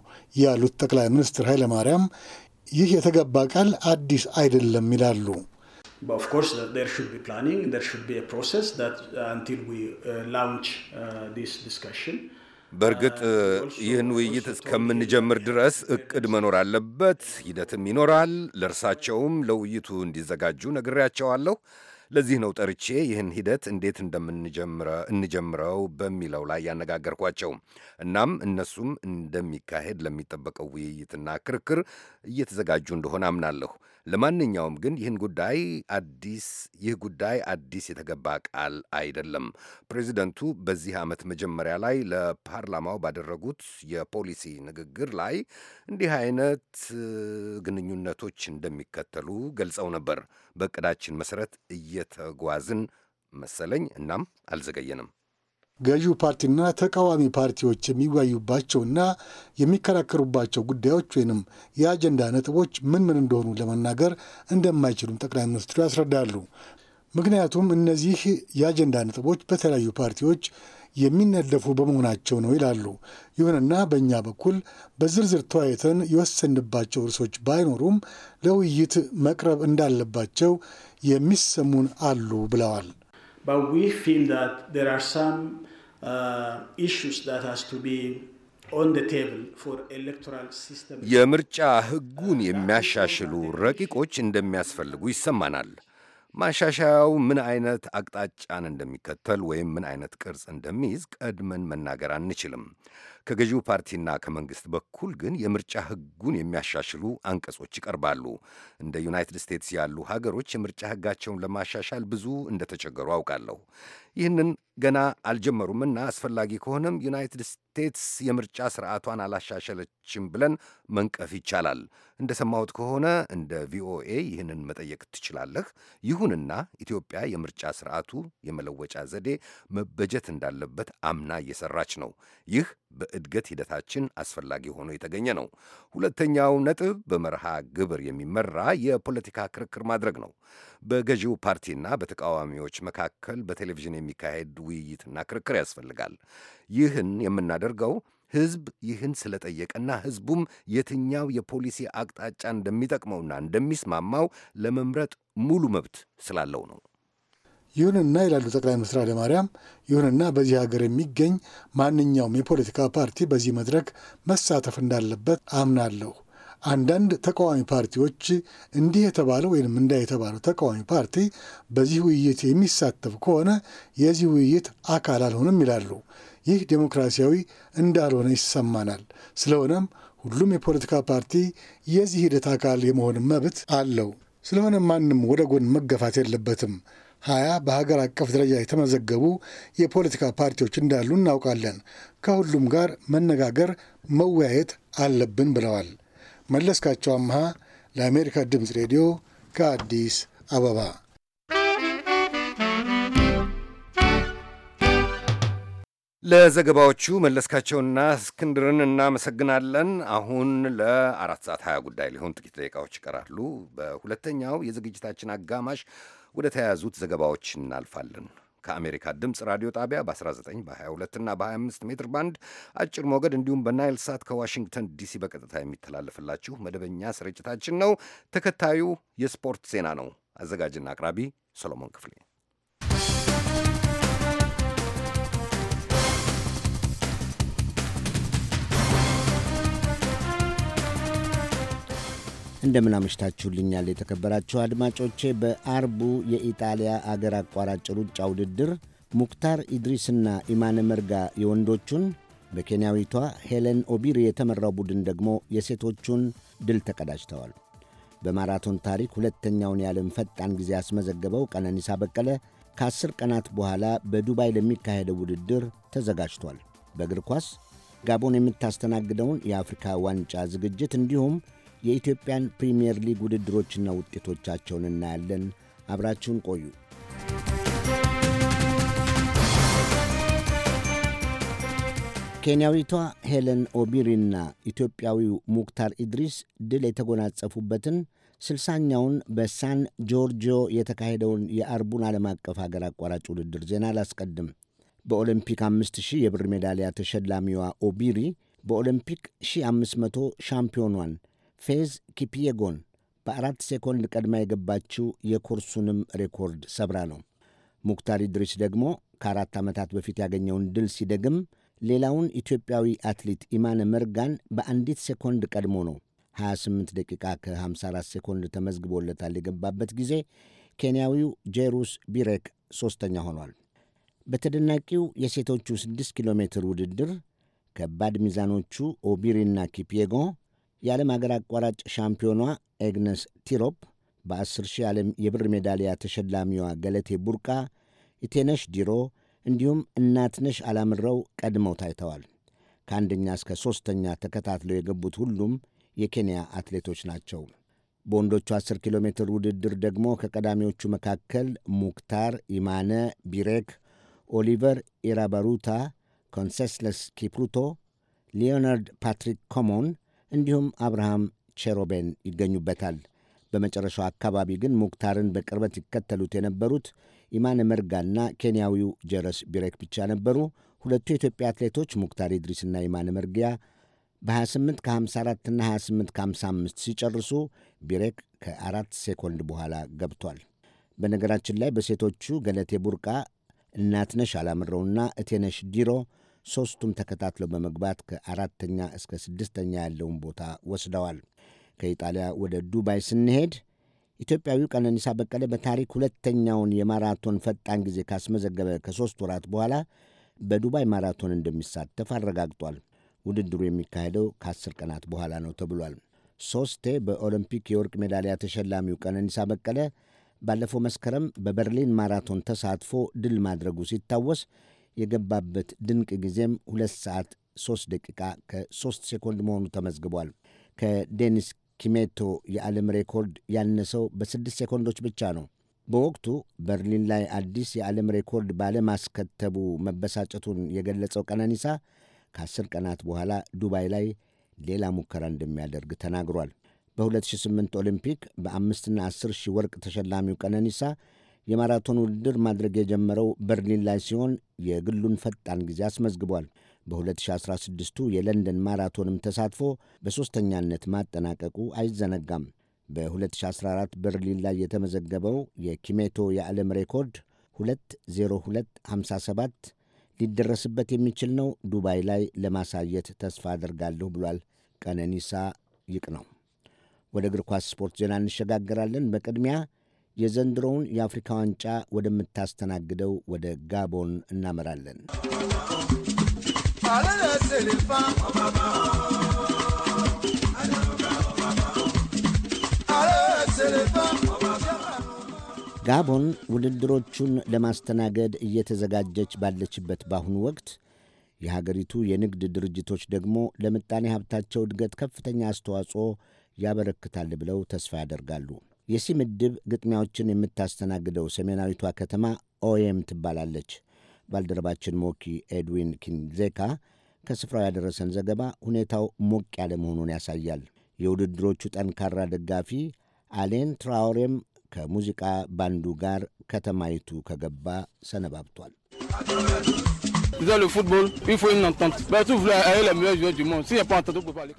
ያሉት ጠቅላይ ሚኒስትር ኃይለማርያም ይህ የተገባ ቃል አዲስ አይደለም ይላሉ። But of course, there should be planning, there should be a process that uh, until we uh, launch uh, this discussion. በእርግጥ ይህን ውይይት እስከምንጀምር ድረስ እቅድ መኖር አለበት፣ ሂደትም ይኖራል። ለእርሳቸውም ለውይይቱ እንዲዘጋጁ ነግሬያቸዋለሁ። ለዚህ ነው ጠርቼ ይህን ሂደት እንዴት እንጀምረው በሚለው ላይ ያነጋገርኳቸው። እናም እነሱም እንደሚካሄድ ለሚጠበቀው ውይይትና ክርክር እየተዘጋጁ እንደሆነ አምናለሁ። ለማንኛውም ግን ይህን ጉዳይ አዲስ ይህ ጉዳይ አዲስ የተገባ ቃል አይደለም። ፕሬዚደንቱ በዚህ ዓመት መጀመሪያ ላይ ለፓርላማው ባደረጉት የፖሊሲ ንግግር ላይ እንዲህ አይነት ግንኙነቶች እንደሚከተሉ ገልጸው ነበር። በእቅዳችን መሰረት እየተጓዝን መሰለኝ። እናም አልዘገየንም። ገዢው ፓርቲና ተቃዋሚ ፓርቲዎች የሚወያዩባቸውና የሚከራከሩባቸው ጉዳዮች ወይንም የአጀንዳ ነጥቦች ምን ምን እንደሆኑ ለመናገር እንደማይችሉም ጠቅላይ ሚኒስትሩ ያስረዳሉ። ምክንያቱም እነዚህ የአጀንዳ ነጥቦች በተለያዩ ፓርቲዎች የሚነደፉ በመሆናቸው ነው ይላሉ። ይሁንና በእኛ በኩል በዝርዝር ተወያይተን የወሰንባቸው እርሶች ባይኖሩም ለውይይት መቅረብ እንዳለባቸው የሚሰሙን አሉ ብለዋል። But we feel that there are some Uh, የምርጫ ሕጉን የሚያሻሽሉ ረቂቆች እንደሚያስፈልጉ ይሰማናል። ማሻሻያው ምን አይነት አቅጣጫን እንደሚከተል ወይም ምን አይነት ቅርጽ እንደሚይዝ ቀድመን መናገር አንችልም። ከገዢው ፓርቲና ከመንግሥት በኩል ግን የምርጫ ሕጉን የሚያሻሽሉ አንቀጾች ይቀርባሉ። እንደ ዩናይትድ ስቴትስ ያሉ ሀገሮች የምርጫ ሕጋቸውን ለማሻሻል ብዙ እንደተቸገሩ አውቃለሁ። ይህንን ገና አልጀመሩምና አስፈላጊ ከሆነም ዩናይትድ ስቴትስ የምርጫ ስርዓቷን አላሻሸለችም ብለን መንቀፍ ይቻላል። ሰማሁት ከሆነ እንደ ቪኦኤ ይህንን መጠየቅ ትችላለህ። ይሁንና ኢትዮጵያ የምርጫ ስርዓቱ የመለወጫ ዘዴ መበጀት እንዳለበት አምና እየሰራች ነው። ይህ በእድገት ሂደታችን አስፈላጊ ሆኖ የተገኘ ነው። ሁለተኛው ነጥብ በመርሃ ግብር የሚመራ የፖለቲካ ክርክር ማድረግ ነው። በገዢው ፓርቲና በተቃዋሚዎች መካከል በቴሌቪዥን የሚካሄድ ውይይትና ክርክር ያስፈልጋል። ይህን የምናደርገው ህዝብ ይህን ስለጠየቀና ህዝቡም የትኛው የፖሊሲ አቅጣጫ እንደሚጠቅመውና እንደሚስማማው ለመምረጥ ሙሉ መብት ስላለው ነው። ይሁንና ይላሉ ጠቅላይ ሚኒስትር ኃይለማርያም፣ ይሁንና በዚህ ሀገር የሚገኝ ማንኛውም የፖለቲካ ፓርቲ በዚህ መድረክ መሳተፍ እንዳለበት አምናለሁ። አንዳንድ ተቃዋሚ ፓርቲዎች እንዲህ የተባለው ወይም እንዳ የተባለው ተቃዋሚ ፓርቲ በዚህ ውይይት የሚሳተፍ ከሆነ የዚህ ውይይት አካል አልሆንም ይላሉ። ይህ ዴሞክራሲያዊ እንዳልሆነ ይሰማናል። ስለሆነም ሁሉም የፖለቲካ ፓርቲ የዚህ ሂደት አካል የመሆን መብት አለው። ስለሆነም ማንም ወደ ጎን መገፋት የለበትም። ሀያ በሀገር አቀፍ ደረጃ የተመዘገቡ የፖለቲካ ፓርቲዎች እንዳሉ እናውቃለን። ከሁሉም ጋር መነጋገር መወያየት አለብን ብለዋል። መለስካቸው አምሃ ለአሜሪካ ድምፅ ሬዲዮ ከአዲስ አበባ። ለዘገባዎቹ መለስካቸውና እስክንድርን እናመሰግናለን። አሁን ለአራት ሰዓት 20 ጉዳይ ሊሆን ጥቂት ደቂቃዎች ይቀራሉ። በሁለተኛው የዝግጅታችን አጋማሽ ወደ ተያያዙት ዘገባዎች እናልፋለን። ከአሜሪካ ድምፅ ራዲዮ ጣቢያ በ19 በ22 እና በ25 ሜትር ባንድ አጭር ሞገድ እንዲሁም በናይል ሳት ከዋሽንግተን ዲሲ በቀጥታ የሚተላለፍላችሁ መደበኛ ስርጭታችን ነው። ተከታዩ የስፖርት ዜና ነው። አዘጋጅና አቅራቢ ሰሎሞን ክፍሌ እንደምን አመሽታችሁልኛል የተከበራችሁ አድማጮቼ። በአርቡ የኢጣሊያ አገር አቋራጭ ሩጫ ውድድር ሙክታር ኢድሪስና ኢማነ መርጋ የወንዶቹን፣ በኬንያዊቷ ሄሌን ኦቢሪ የተመራው ቡድን ደግሞ የሴቶቹን ድል ተቀዳጅተዋል። በማራቶን ታሪክ ሁለተኛውን የዓለም ፈጣን ጊዜ ያስመዘገበው ቀነኒሳ በቀለ ከአስር ቀናት በኋላ በዱባይ ለሚካሄደው ውድድር ተዘጋጅቷል። በእግር ኳስ ጋቦን የምታስተናግደውን የአፍሪካ ዋንጫ ዝግጅት እንዲሁም የኢትዮጵያን ፕሪምየር ሊግ ውድድሮችና ውጤቶቻቸውን እናያለን። አብራችሁን ቆዩ። ኬንያዊቷ ሄለን ኦቢሪና ኢትዮጵያዊው ሙክታር ኢድሪስ ድል የተጎናጸፉበትን ስልሳኛውን በሳን ጆርጂዮ የተካሄደውን የአርቡን ዓለም አቀፍ ሀገር አቋራጭ ውድድር ዜና አላስቀድም። በኦሎምፒክ 5000 የብር ሜዳሊያ ተሸላሚዋ ኦቢሪ በኦሎምፒክ 1500 ሻምፒዮኗን ፌዝ ኪፒየጎን በአራት ሴኮንድ ቀድማ የገባችው የኮርሱንም ሬኮርድ ሰብራ ነው። ሙክታሪ ድሪስ ደግሞ ከአራት ዓመታት በፊት ያገኘውን ድል ሲደግም ሌላውን ኢትዮጵያዊ አትሌት ኢማነ መርጋን በአንዲት ሴኮንድ ቀድሞ ነው። 28 ደቂቃ ከ54 ሴኮንድ ተመዝግቦለታል የገባበት ጊዜ። ኬንያዊው ጄሩስ ቢሬክ ሦስተኛ ሆኗል። በተደናቂው የሴቶቹ 6 ኪሎ ሜትር ውድድር ከባድ ሚዛኖቹ ኦቢሪና ኪፕዬጎ የዓለም አገር አቋራጭ ሻምፒዮኗ ኤግነስ ቲሮፕ በ10 ሺህ ዓለም የብር ሜዳሊያ ተሸላሚዋ ገለቴ ቡርቃ፣ ኢቴነሽ ዲሮ እንዲሁም እናትነሽ አላምረው ቀድመው ታይተዋል። ከአንደኛ እስከ ሦስተኛ ተከታትለው የገቡት ሁሉም የኬንያ አትሌቶች ናቸው። በወንዶቹ 10 ኪሎ ሜትር ውድድር ደግሞ ከቀዳሚዎቹ መካከል ሙክታር ኢማነ ቢሬክ፣ ኦሊቨር ኢራባሩታ፣ ኮንሴስለስ ኪፕሩቶ፣ ሊዮናርድ ፓትሪክ ኮሞን እንዲሁም አብርሃም ቼሮቤን ይገኙበታል። በመጨረሻው አካባቢ ግን ሙክታርን በቅርበት ይከተሉት የነበሩት ኢማነ መርጋና ኬንያዊው ጀረስ ቢሬክ ብቻ ነበሩ። ሁለቱ የኢትዮጵያ አትሌቶች ሙክታር ኢድሪስና ኢማነ መርጊያ በ28 ከ54ና 28 ከ 54 እና 28 ከ 55 ሲጨርሱ ቢሬክ ከአራት ሴኮንድ በኋላ ገብቷል። በነገራችን ላይ በሴቶቹ ገለቴ ቡርቃ፣ እናትነሽ አላምረውና እቴነሽ ዲሮ ሦስቱም ተከታትለው በመግባት ከአራተኛ እስከ ስድስተኛ ያለውን ቦታ ወስደዋል። ከኢጣሊያ ወደ ዱባይ ስንሄድ ኢትዮጵያዊው ቀነኒሳ በቀለ በታሪክ ሁለተኛውን የማራቶን ፈጣን ጊዜ ካስመዘገበ ከሦስት ወራት በኋላ በዱባይ ማራቶን እንደሚሳተፍ አረጋግጧል። ውድድሩ የሚካሄደው ከአስር ቀናት በኋላ ነው ተብሏል። ሦስቴ በኦሎምፒክ የወርቅ ሜዳሊያ ተሸላሚው ቀነኒሳ በቀለ ባለፈው መስከረም በበርሊን ማራቶን ተሳትፎ ድል ማድረጉ ሲታወስ የገባበት ድንቅ ጊዜም ሁለት ሰዓት ሶስት ደቂቃ ከሶስት ሴኮንድ መሆኑ ተመዝግቧል። ከዴኒስ ኪሜቶ የዓለም ሬኮርድ ያነሰው በስድስት ሴኮንዶች ብቻ ነው። በወቅቱ በርሊን ላይ አዲስ የዓለም ሬኮርድ ባለማስከተቡ መበሳጨቱን የገለጸው ቀነኒሳ ከአስር ቀናት በኋላ ዱባይ ላይ ሌላ ሙከራ እንደሚያደርግ ተናግሯል። በ2008 ኦሊምፒክ በአምስትና 10 ሺህ ወርቅ ተሸላሚው ቀነኒሳ የማራቶን ውድድር ማድረግ የጀመረው በርሊን ላይ ሲሆን የግሉን ፈጣን ጊዜ አስመዝግቧል። በ2016ቱ የለንደን ማራቶንም ተሳትፎ በሦስተኛነት ማጠናቀቁ አይዘነጋም። በ2014 በርሊን ላይ የተመዘገበው የኪሜቶ የዓለም ሬኮርድ 20257 ሊደረስበት የሚችል ነው። ዱባይ ላይ ለማሳየት ተስፋ አድርጋለሁ ብሏል ቀነኒሳ ይቅ ነው። ወደ እግር ኳስ ስፖርት ዜና እንሸጋገራለን። በቅድሚያ የዘንድሮውን የአፍሪካ ዋንጫ ወደምታስተናግደው ወደ ጋቦን እናመራለን። ጋቦን ውድድሮቹን ለማስተናገድ እየተዘጋጀች ባለችበት በአሁኑ ወቅት የሀገሪቱ የንግድ ድርጅቶች ደግሞ ለምጣኔ ሀብታቸው እድገት ከፍተኛ አስተዋጽኦ ያበረክታል ብለው ተስፋ ያደርጋሉ። የሲ ምድብ ግጥሚያዎችን የምታስተናግደው ሰሜናዊቷ ከተማ ኦየም ትባላለች። ባልደረባችን ሞኪ ኤድዊን ኪንዜካ ከስፍራው ያደረሰን ዘገባ ሁኔታው ሞቅ ያለ መሆኑን ያሳያል። የውድድሮቹ ጠንካራ ደጋፊ አሌን ትራውሬም ከሙዚቃ ባንዱ ጋር ከተማይቱ ከገባ ሰነባብቷል። le football, il faut une entente.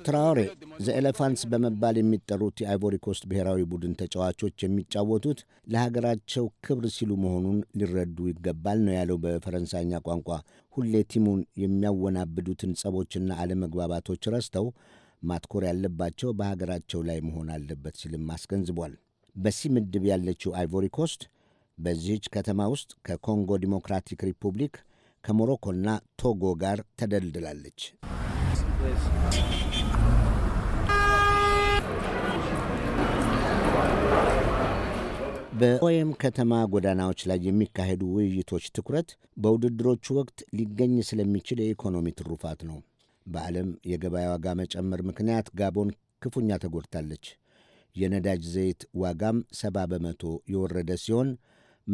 ትራውሬ ዘ ኤሌፋንትስ በመባል የሚጠሩት የአይቮሪ ኮስት ብሔራዊ ቡድን ተጫዋቾች የሚጫወቱት ለሀገራቸው ክብር ሲሉ መሆኑን ሊረዱ ይገባል ነው ያለው በፈረንሳይኛ ቋንቋ። ሁሌ ቲሙን የሚያወናብዱትን ጸቦችና አለመግባባቶች ረስተው ማትኮር ያለባቸው በሀገራቸው ላይ መሆን አለበት ሲልም አስገንዝቧል። በሲ ምድብ ያለችው አይቮሪ ኮስት በዚህች ከተማ ውስጥ ከኮንጎ ዲሞክራቲክ ሪፑብሊክ ከሞሮኮና ቶጎ ጋር ተደልድላለች። በኦኤም ከተማ ጎዳናዎች ላይ የሚካሄዱ ውይይቶች ትኩረት በውድድሮቹ ወቅት ሊገኝ ስለሚችል የኢኮኖሚ ትሩፋት ነው። በዓለም የገበያ ዋጋ መጨመር ምክንያት ጋቦን ክፉኛ ተጎድታለች። የነዳጅ ዘይት ዋጋም ሰባ በመቶ የወረደ ሲሆን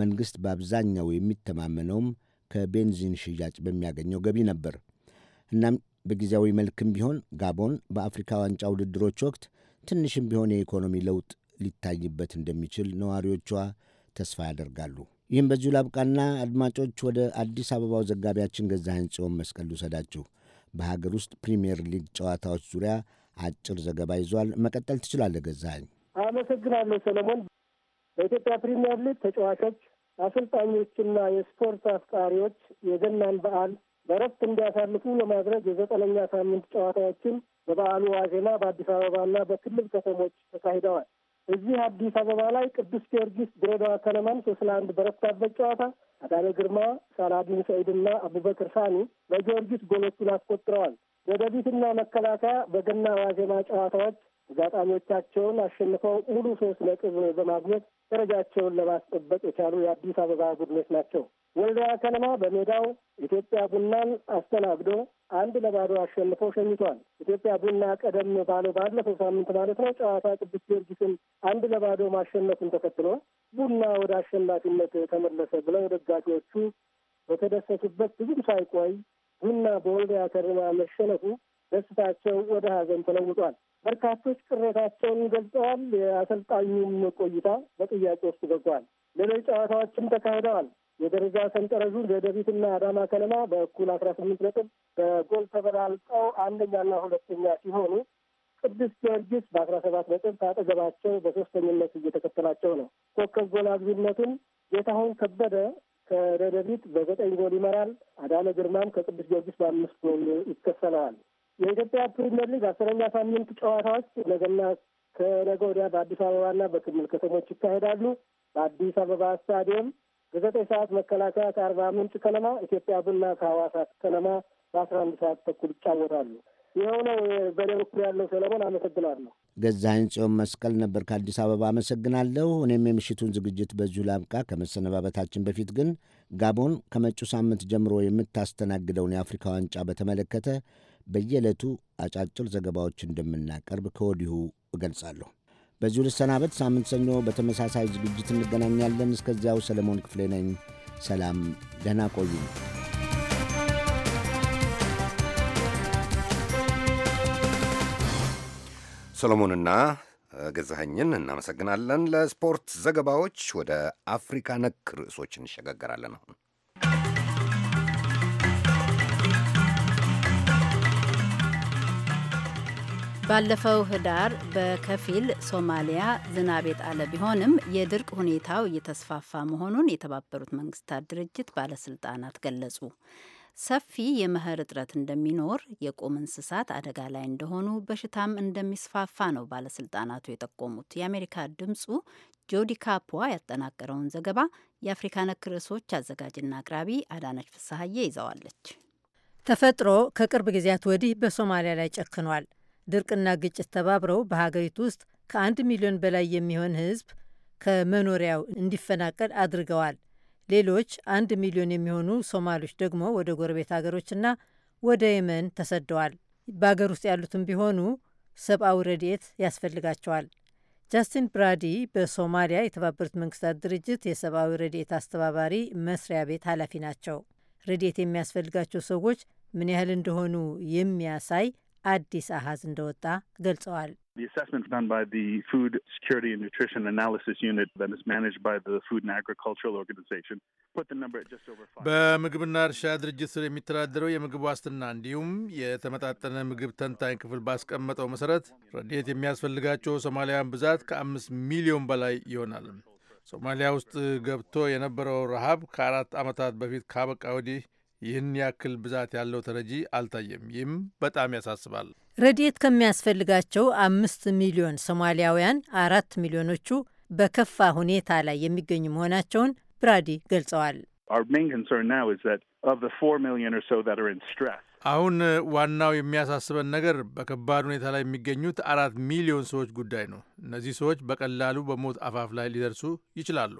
መንግሥት በአብዛኛው የሚተማመነውም ከቤንዚን ሽያጭ በሚያገኘው ገቢ ነበር። እናም በጊዜያዊ መልክም ቢሆን ጋቦን በአፍሪካ ዋንጫ ውድድሮች ወቅት ትንሽም ቢሆን የኢኮኖሚ ለውጥ ሊታይበት እንደሚችል ነዋሪዎቿ ተስፋ ያደርጋሉ። ይህም በዚሁ ላብቃና አድማጮች፣ ወደ አዲስ አበባው ዘጋቢያችን ገዛኸኝ ጽዮን መስቀል ውሰዳችሁ። በሀገር ውስጥ ፕሪምየር ሊግ ጨዋታዎች ዙሪያ አጭር ዘገባ ይዟል። መቀጠል ትችላለህ ገዛኸኝ። አመሰግናለሁ ሰለሞን። በኢትዮጵያ ፕሪምየር ሊግ ተጫዋቾች አሰልጣኞችና የስፖርት አፍቃሪዎች የገናን በዓል በረፍት እንዲያሳልፉ ለማድረግ የዘጠነኛ ሳምንት ጨዋታዎችን በበዓሉ ዋዜማ በአዲስ አበባና በክልል ከተሞች ተካሂደዋል። እዚህ አዲስ አበባ ላይ ቅዱስ ጊዮርጊስ ድሬዳዋ ከነማን ሶስት ለአንድ በረታበት ጨዋታ አዳነ ግርማ፣ ሳላዲን ሰዒድና አቡበክር ሳኒ ለጊዮርጊስ ጎሎቹን አስቆጥረዋል። ደደቢትና መከላከያ በገና ዋዜማ ጨዋታዎች ጋጣሚዎቻቸውን አሸንፈው ሙሉ ሶስት ነጥብ በማግኘት ደረጃቸውን ለማስጠበቅ የቻሉ የአዲስ አበባ ቡድኖች ናቸው። ወልዳያ ከነማ በሜዳው ኢትዮጵያ ቡናን አስተናግዶ አንድ ለባዶ አሸንፎ ሸኝቷል። ኢትዮጵያ ቡና ቀደም ባለው ባለፈው ሳምንት ማለት ነው ጨዋታ ቅዱስ ጊዮርጊስን አንድ ለባዶ ማሸነፉን ተከትሎ ቡና ወደ አሸናፊነት ተመለሰ ብለው ደጋፊዎቹ በተደሰቱበት ብዙም ሳይቆይ ቡና በወልዲያ ከነማ መሸነፉ ደስታቸው ወደ ሀዘን ተለውጧል። በርካቶች ቅሬታቸውን ገልጸዋል። የአሰልጣኙም ቆይታ በጥያቄ ውስጥ ገብቷል። ሌሎች ጨዋታዎችም ተካሂደዋል። የደረጃ ሰንጠረዡ ደደቢትና አዳማ ከነማ በእኩል አስራ ስምንት ነጥብ በጎል ተበላልጠው አንደኛና ሁለተኛ ሲሆኑ ቅዱስ ጊዮርጊስ በአስራ ሰባት ነጥብ ከአጠገባቸው በሶስተኝነት እየተከተላቸው ነው። ኮከብ ጎል አግቢነቱን ጌታሁን ከበደ ከደደቢት በዘጠኝ ጎል ይመራል። አዳነ ግርማም ከቅዱስ ጊዮርጊስ በአምስት ጎል ይከሰለዋል። የኢትዮጵያ ፕሪምየር ሊግ አስረኛ ሳምንት ጨዋታዎች ነገና ከነገ ወዲያ በአዲስ አበባና በክልል ከተሞች ይካሄዳሉ። በአዲስ አበባ ስታዲየም በዘጠኝ ሰዓት መከላከያ ከአርባ ምንጭ ከነማ፣ ኢትዮጵያ ቡና ከሐዋሳ ከነማ በአስራ አንድ ሰዓት ተኩል ይጫወታሉ። ይኸው ነው በእኔ በኩል ያለው። ሰለሞን አመሰግናለሁ። ገዛኸኝ ጽዮን መስቀል ነበር ከአዲስ አበባ አመሰግናለሁ። እኔም የምሽቱን ዝግጅት በዚሁ ላብቃ። ከመሰነባበታችን በፊት ግን ጋቦን ከመጪው ሳምንት ጀምሮ የምታስተናግደውን የአፍሪካ ዋንጫ በተመለከተ በየዕለቱ አጫጭር ዘገባዎች እንደምናቀርብ ከወዲሁ እገልጻለሁ። በዚሁ ልሰናበት። ሳምንት ሰኞ በተመሳሳይ ዝግጅት እንገናኛለን። እስከዚያው ሰለሞን ክፍሌ ነኝ። ሰላም፣ ደህና ቆዩ። ሰሎሞንና ገዛኸኝን እናመሰግናለን። ለስፖርት ዘገባዎች ወደ አፍሪካ ነክ ርዕሶች እንሸጋገራለን። አሁን ባለፈው ህዳር በከፊል ሶማሊያ ዝናብ የጣለ ቢሆንም የድርቅ ሁኔታው እየተስፋፋ መሆኑን የተባበሩት መንግስታት ድርጅት ባለስልጣናት ገለጹ። ሰፊ የመኸር እጥረት እንደሚኖር፣ የቁም እንስሳት አደጋ ላይ እንደሆኑ፣ በሽታም እንደሚስፋፋ ነው ባለስልጣናቱ የጠቆሙት። የአሜሪካ ድምጹ ጆዲ ካፖ ያጠናቀረውን ዘገባ የአፍሪካ ነክ ርዕሶች አዘጋጅና አቅራቢ አዳነች ፍስሀዬ ይዘዋለች። ተፈጥሮ ከቅርብ ጊዜያት ወዲህ በሶማሊያ ላይ ጨክኗል። ድርቅና ግጭት ተባብረው በሀገሪቱ ውስጥ ከአንድ ሚሊዮን በላይ የሚሆን ህዝብ ከመኖሪያው እንዲፈናቀል አድርገዋል። ሌሎች አንድ ሚሊዮን የሚሆኑ ሶማሌዎች ደግሞ ወደ ጎረቤት ሀገሮችና ወደ የመን ተሰደዋል። በአገር ውስጥ ያሉትም ቢሆኑ ሰብአዊ ረድኤት ያስፈልጋቸዋል። ጃስቲን ብራዲ በሶማሊያ የተባበሩት መንግስታት ድርጅት የሰብአዊ ረድኤት አስተባባሪ መስሪያ ቤት ኃላፊ ናቸው። ረድኤት የሚያስፈልጋቸው ሰዎች ምን ያህል እንደሆኑ የሚያሳይ አዲስ አሃዝ እንደወጣ ገልጸዋል። The assessment done by the Food Security and Nutrition Analysis Unit that is managed by the Food and Agricultural Organization put the number at just over five. በምግብና እርሻ ድርጅት ስር የሚተዳደረው የምግብ ዋስትና እንዲሁም የተመጣጠነ ምግብ ተንታኝ ክፍል ባስቀመጠው መሰረት ረድኤት የሚያስፈልጋቸው ሶማሊያን ብዛት ከአምስት ሚሊዮን በላይ ይሆናል። ሶማሊያ ውስጥ ገብቶ የነበረው ረሃብ ከአራት ዓመታት በፊት ካበቃ ወዲህ ይህን ያክል ብዛት ያለው ተረጂ አልታየም። ይህም በጣም ያሳስባል። ረድኤት ከሚያስፈልጋቸው አምስት ሚሊዮን ሶማሊያውያን አራት ሚሊዮኖቹ በከፋ ሁኔታ ላይ የሚገኙ መሆናቸውን ብራዲ ገልጸዋል። አሁን ዋናው የሚያሳስበን ነገር በከባድ ሁኔታ ላይ የሚገኙት አራት ሚሊዮን ሰዎች ጉዳይ ነው። እነዚህ ሰዎች በቀላሉ በሞት አፋፍ ላይ ሊደርሱ ይችላሉ።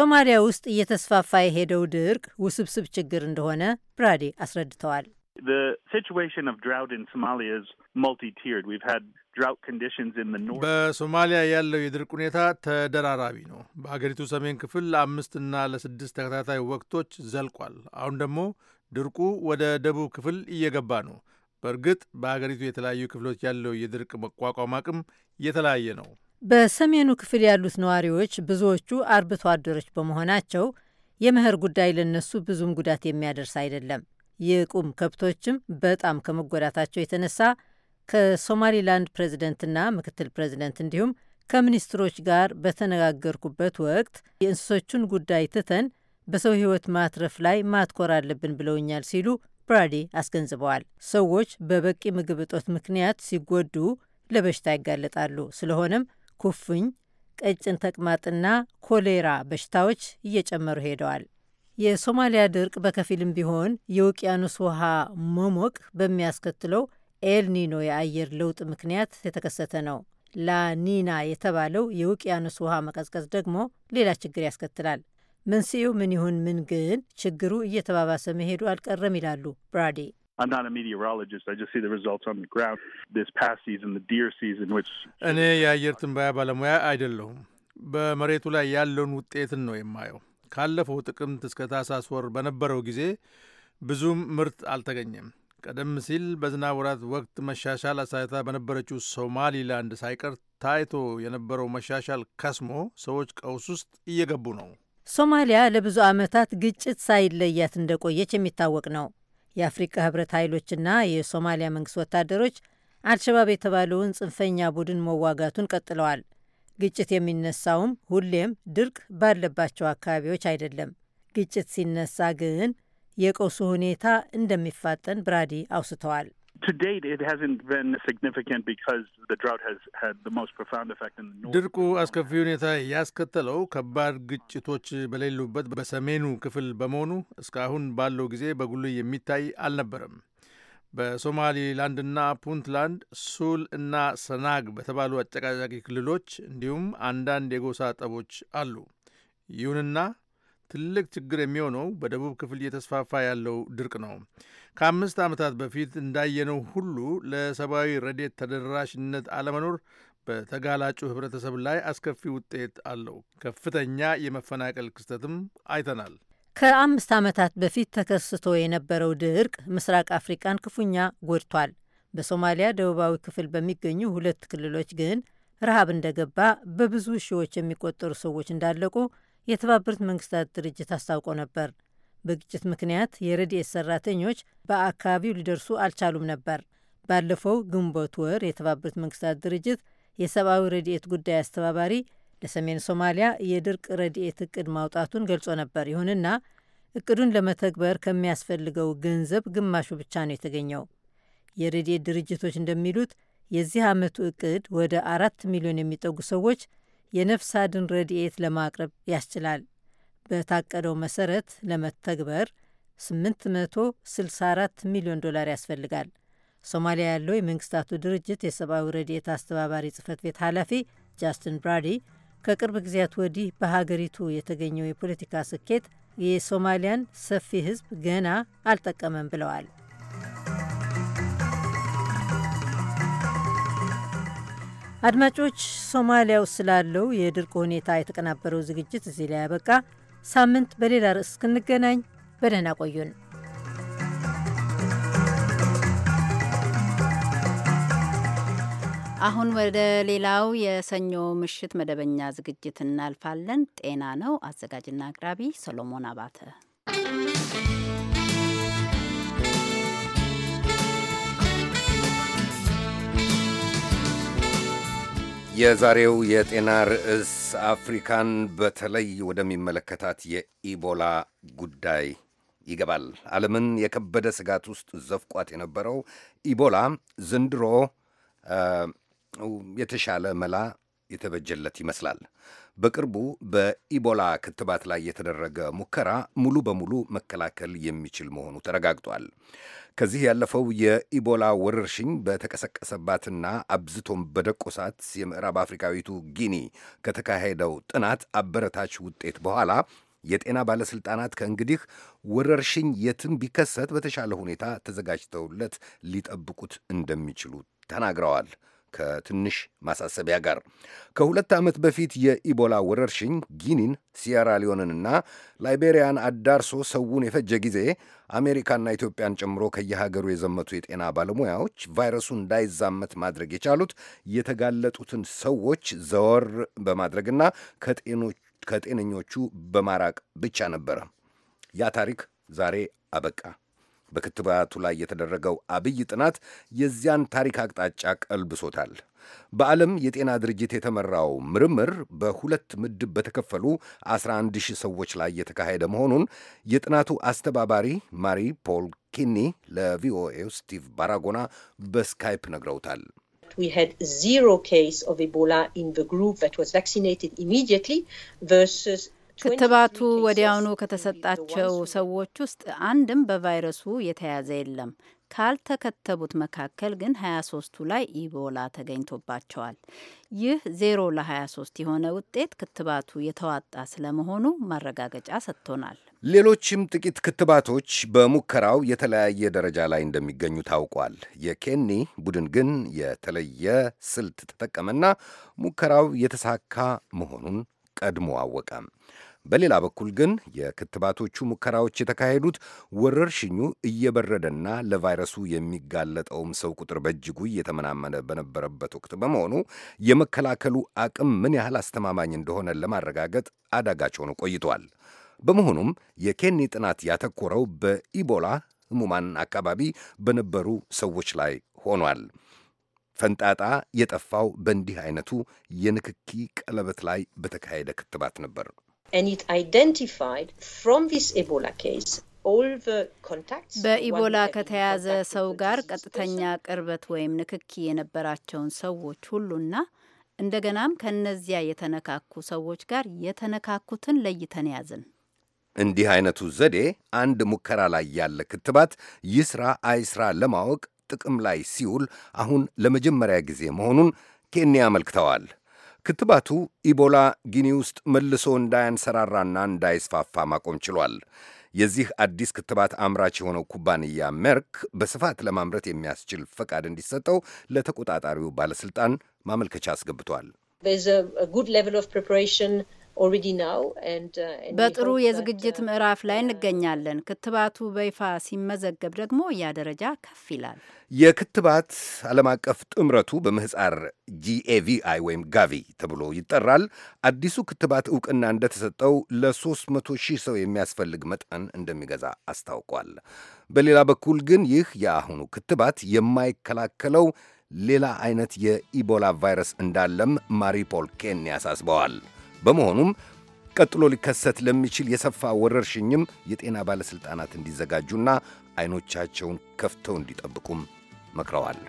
ሶማሊያ ውስጥ እየተስፋፋ የሄደው ድርቅ ውስብስብ ችግር እንደሆነ ብራዲ አስረድተዋል። በሶማሊያ ያለው የድርቅ ሁኔታ ተደራራቢ ነው። በሀገሪቱ ሰሜን ክፍል ለአምስትና ለስድስት ተከታታይ ወቅቶች ዘልቋል። አሁን ደግሞ ድርቁ ወደ ደቡብ ክፍል እየገባ ነው። በእርግጥ በሀገሪቱ የተለያዩ ክፍሎች ያለው የድርቅ መቋቋም አቅም የተለያየ ነው። በሰሜኑ ክፍል ያሉት ነዋሪዎች ብዙዎቹ አርብቶ አደሮች በመሆናቸው የመኸር ጉዳይ ለነሱ ብዙም ጉዳት የሚያደርስ አይደለም። የቁም ከብቶችም በጣም ከመጎዳታቸው የተነሳ ከሶማሊላንድ ፕሬዚደንትና ምክትል ፕሬዚደንት እንዲሁም ከሚኒስትሮች ጋር በተነጋገርኩበት ወቅት የእንስሶቹን ጉዳይ ትተን በሰው ሕይወት ማትረፍ ላይ ማትኮር አለብን ብለውኛል ሲሉ ብራዲ አስገንዝበዋል። ሰዎች በበቂ ምግብ እጦት ምክንያት ሲጎዱ ለበሽታ ይጋለጣሉ። ስለሆነም ኩፍኝ፣ ቀጭን ተቅማጥና ኮሌራ በሽታዎች እየጨመሩ ሄደዋል። የሶማሊያ ድርቅ በከፊልም ቢሆን የውቅያኖስ ውሃ መሞቅ በሚያስከትለው ኤልኒኖ የአየር ለውጥ ምክንያት የተከሰተ ነው። ላኒና የተባለው የውቅያኖስ ውሃ መቀዝቀዝ ደግሞ ሌላ ችግር ያስከትላል። መንስኤው ምን ይሁን ምን ግን ችግሩ እየተባባሰ መሄዱ አልቀረም ይላሉ ብራዴ። እኔ የአየር ትንባያ ባለሙያ አይደለሁም። በመሬቱ ላይ ያለውን ውጤትን ነው የማየው። ካለፈው ጥቅምት እስከ ታህሳስ ወር በነበረው ጊዜ ብዙም ምርት አልተገኘም። ቀደም ሲል በዝናብ ወራት ወቅት መሻሻል አሳይታ በነበረችው ሶማሊላንድ ሳይቀር ታይቶ የነበረው መሻሻል ከስሞ ሰዎች ቀውስ ውስጥ እየገቡ ነው። ሶማሊያ ለብዙ ዓመታት ግጭት ሳይለያት እንደቆየች የሚታወቅ ነው። የአፍሪካ ህብረት ኃይሎችና የሶማሊያ መንግስት ወታደሮች አልሸባብ የተባለውን ጽንፈኛ ቡድን መዋጋቱን ቀጥለዋል። ግጭት የሚነሳውም ሁሌም ድርቅ ባለባቸው አካባቢዎች አይደለም። ግጭት ሲነሳ ግን የቀውሱ ሁኔታ እንደሚፋጠን ብራዲ አውስተዋል። ድርቁ አስከፊ ሁኔታ ያስከተለው ከባድ ግጭቶች በሌሉበት በሰሜኑ ክፍል በመሆኑ እስካሁን ባለው ጊዜ በጉልህ የሚታይ አልነበረም። በሶማሊላንድና ፑንትላንድ ሱል እና ሰናግ በተባሉ አጨቃጫቂ ክልሎች እንዲሁም አንዳንድ የጎሳ ጠቦች አሉ። ይሁንና ትልቅ ችግር የሚሆነው በደቡብ ክፍል እየተስፋፋ ያለው ድርቅ ነው። ከአምስት ዓመታት በፊት እንዳየነው ሁሉ ለሰብአዊ ረዴት ተደራሽነት አለመኖር በተጋላጩ ህብረተሰብ ላይ አስከፊ ውጤት አለው። ከፍተኛ የመፈናቀል ክስተትም አይተናል። ከአምስት ዓመታት በፊት ተከስቶ የነበረው ድርቅ ምስራቅ አፍሪቃን ክፉኛ ጎድቷል። በሶማሊያ ደቡባዊ ክፍል በሚገኙ ሁለት ክልሎች ግን ረሃብ እንደገባ፣ በብዙ ሺዎች የሚቆጠሩ ሰዎች እንዳለቁ የተባበሩት መንግስታት ድርጅት አስታውቆ ነበር። በግጭት ምክንያት የረድኤት ሰራተኞች በአካባቢው ሊደርሱ አልቻሉም ነበር። ባለፈው ግንቦት ወር የተባበሩት መንግስታት ድርጅት የሰብአዊ ረድኤት ጉዳይ አስተባባሪ ለሰሜን ሶማሊያ የድርቅ ረድኤት እቅድ ማውጣቱን ገልጾ ነበር። ይሁንና እቅዱን ለመተግበር ከሚያስፈልገው ገንዘብ ግማሹ ብቻ ነው የተገኘው። የረድኤት ድርጅቶች እንደሚሉት የዚህ ዓመቱ እቅድ ወደ አራት ሚሊዮን የሚጠጉ ሰዎች የነፍስ አድን ረድኤት ለማቅረብ ያስችላል። በታቀደው መሰረት ለመተግበር 864 ሚሊዮን ዶላር ያስፈልጋል። ሶማሊያ ያለው የመንግስታቱ ድርጅት የሰብአዊ ረድኤት አስተባባሪ ጽህፈት ቤት ኃላፊ ጃስትን ብራዲ ከቅርብ ጊዜያት ወዲህ በሀገሪቱ የተገኘው የፖለቲካ ስኬት የሶማሊያን ሰፊ ህዝብ ገና አልጠቀመም ብለዋል። አድማጮች፣ ሶማሊያ ውስጥ ስላለው የድርቅ ሁኔታ የተቀናበረው ዝግጅት እዚህ ላይ ያበቃ። ሳምንት በሌላ ርዕስ እስክንገናኝ በደህና ቆዩን። አሁን ወደ ሌላው የሰኞ ምሽት መደበኛ ዝግጅት እናልፋለን። ጤና ነው። አዘጋጅና አቅራቢ ሰሎሞን አባተ። የዛሬው የጤና ርዕስ አፍሪካን በተለይ ወደሚመለከታት የኢቦላ ጉዳይ ይገባል። ዓለምን የከበደ ስጋት ውስጥ ዘፍቋት የነበረው ኢቦላ ዘንድሮ የተሻለ መላ የተበጀለት ይመስላል። በቅርቡ በኢቦላ ክትባት ላይ የተደረገ ሙከራ ሙሉ በሙሉ መከላከል የሚችል መሆኑ ተረጋግጧል። ከዚህ ያለፈው የኢቦላ ወረርሽኝ በተቀሰቀሰባትና አብዝቶም በደቆሳት የምዕራብ አፍሪካዊቱ ጊኒ ከተካሄደው ጥናት አበረታች ውጤት በኋላ የጤና ባለሥልጣናት ከእንግዲህ ወረርሽኝ የትም ቢከሰት በተሻለ ሁኔታ ተዘጋጅተውለት ሊጠብቁት እንደሚችሉ ተናግረዋል። ከትንሽ ማሳሰቢያ ጋር ከሁለት ዓመት በፊት የኢቦላ ወረርሽኝ ጊኒን፣ ሲየራ ሊዮንንና ላይቤሪያን አዳርሶ ሰውን የፈጀ ጊዜ አሜሪካና ኢትዮጵያን ጨምሮ ከየሀገሩ የዘመቱ የጤና ባለሙያዎች ቫይረሱ እንዳይዛመት ማድረግ የቻሉት የተጋለጡትን ሰዎች ዘወር በማድረግና ከጤነኞቹ በማራቅ ብቻ ነበረ። ያ ታሪክ ዛሬ አበቃ። በክትባቱ ላይ የተደረገው አብይ ጥናት የዚያን ታሪክ አቅጣጫ ቀልብሶታል። በዓለም የጤና ድርጅት የተመራው ምርምር በሁለት ምድብ በተከፈሉ 11 ሺህ ሰዎች ላይ የተካሄደ መሆኑን የጥናቱ አስተባባሪ ማሪ ፖል ኪኒ ለቪኦኤው ስቲቭ ባራጎና በስካይፕ ነግረውታል። we had zero case of Ebola in the group that was vaccinated immediately versus ክትባቱ ወዲያውኑ ከተሰጣቸው ሰዎች ውስጥ አንድም በቫይረሱ የተያዘ የለም። ካልተከተቡት መካከል ግን 23ቱ ላይ ኢቦላ ተገኝቶባቸዋል። ይህ 0 ለ23 የሆነ ውጤት ክትባቱ የተዋጣ ስለመሆኑ ማረጋገጫ ሰጥቶናል። ሌሎችም ጥቂት ክትባቶች በሙከራው የተለያየ ደረጃ ላይ እንደሚገኙ ታውቋል። የኬኒ ቡድን ግን የተለየ ስልት ተጠቀመና ሙከራው የተሳካ መሆኑን ቀድሞ አወቀ። በሌላ በኩል ግን የክትባቶቹ ሙከራዎች የተካሄዱት ወረርሽኙ እየበረደና ለቫይረሱ የሚጋለጠውም ሰው ቁጥር በእጅጉ እየተመናመነ በነበረበት ወቅት በመሆኑ የመከላከሉ አቅም ምን ያህል አስተማማኝ እንደሆነ ለማረጋገጥ አዳጋች ሆኖ ቆይቷል። በመሆኑም የኬኒ ጥናት ያተኮረው በኢቦላ ህሙማን አካባቢ በነበሩ ሰዎች ላይ ሆኗል። ፈንጣጣ የጠፋው በእንዲህ አይነቱ የንክኪ ቀለበት ላይ በተካሄደ ክትባት ነበር። በኢቦላ ከተያዘ ሰው ጋር ቀጥተኛ ቅርበት ወይም ንክኪ የነበራቸውን ሰዎች ሁሉና እንደገናም ከነዚያ የተነካኩ ሰዎች ጋር የተነካኩትን ለይተን ያዝን። እንዲህ አይነቱ ዘዴ አንድ ሙከራ ላይ ያለ ክትባት ይስራ አይስራ ለማወቅ ጥቅም ላይ ሲውል አሁን ለመጀመሪያ ጊዜ መሆኑን ኬንያ አመልክተዋል። ክትባቱ ኢቦላ ጊኒ ውስጥ መልሶ እንዳያንሰራራና እንዳይስፋፋ ማቆም ችሏል። የዚህ አዲስ ክትባት አምራች የሆነው ኩባንያ ሜርክ በስፋት ለማምረት የሚያስችል ፈቃድ እንዲሰጠው ለተቆጣጣሪው ባለሥልጣን ማመልከቻ አስገብቷል። Uh, በጥሩ የዝግጅት uh, ምዕራፍ ላይ እንገኛለን። ክትባቱ በይፋ ሲመዘገብ ደግሞ ያ ደረጃ ከፍ ይላል። የክትባት ዓለም አቀፍ ጥምረቱ በምህፃር ጂኤቪአይ ወይም ጋቪ ተብሎ ይጠራል። አዲሱ ክትባት እውቅና እንደተሰጠው ለ300 ሺህ ሰው የሚያስፈልግ መጠን እንደሚገዛ አስታውቋል። በሌላ በኩል ግን ይህ የአሁኑ ክትባት የማይከላከለው ሌላ አይነት የኢቦላ ቫይረስ እንዳለም ማሪፖል ኬን ያሳስበዋል። በመሆኑም ቀጥሎ ሊከሰት ለሚችል የሰፋ ወረርሽኝም የጤና ባለሥልጣናት እንዲዘጋጁና አይኖቻቸውን ከፍተው እንዲጠብቁም መክረዋል።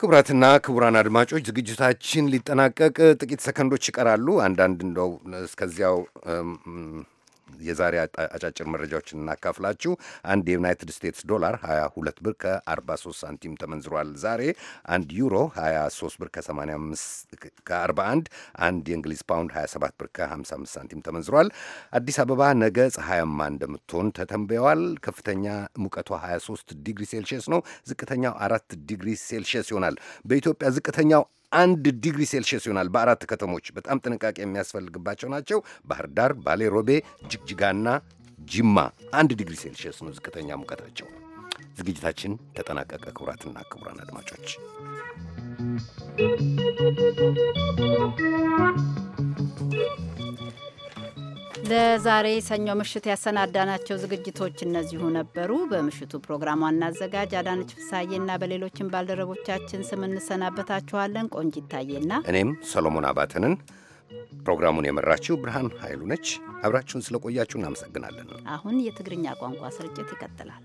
ክቡራትና ክቡራን አድማጮች ዝግጅታችን ሊጠናቀቅ ጥቂት ሰከንዶች ይቀራሉ። አንዳንድ እንደው እስከዚያው የዛሬ አጫጭር መረጃዎችን እናካፍላችሁ። አንድ የዩናይትድ ስቴትስ ዶላር 22 ብር ከ43 ሳንቲም ተመንዝሯል። ዛሬ አንድ ዩሮ 23 ብር ከ85 41 አንድ የእንግሊዝ ፓውንድ 27 ብር ከ55 ሳንቲም ተመንዝሯል። አዲስ አበባ ነገ ፀሐያማ እንደምትሆን ተተንብየዋል። ከፍተኛ ሙቀቷ 23 ዲግሪ ሴልሺየስ ነው። ዝቅተኛው 4 ዲግሪ ሴልሺየስ ይሆናል። በኢትዮጵያ ዝቅተኛው አንድ ዲግሪ ሴልሺየስ ይሆናል። በአራት ከተሞች በጣም ጥንቃቄ የሚያስፈልግባቸው ናቸው። ባህር ዳር፣ ባሌ ሮቤ፣ ጅግጅጋና ጅማ አንድ ዲግሪ ሴልሺየስ ነው ዝቅተኛ ሙቀታቸው። ዝግጅታችን ተጠናቀቀ። ክቡራትና ክቡራን አድማጮች Thank you. ለዛሬ ሰኞ ምሽት ያሰናዳናቸው ዝግጅቶች እነዚሁ ነበሩ። በምሽቱ ፕሮግራም ዋና አዘጋጅ አዳነች ፍሳዬና በሌሎችን ባልደረቦቻችን ስም እንሰናበታችኋለን። ቆንጅ ይታየና እኔም ሰሎሞን አባተንን ፕሮግራሙን የመራችው ብርሃን ኃይሉ ነች። አብራችሁን ስለቆያችሁ እናመሰግናለን። አሁን የትግርኛ ቋንቋ ስርጭት ይቀጥላል።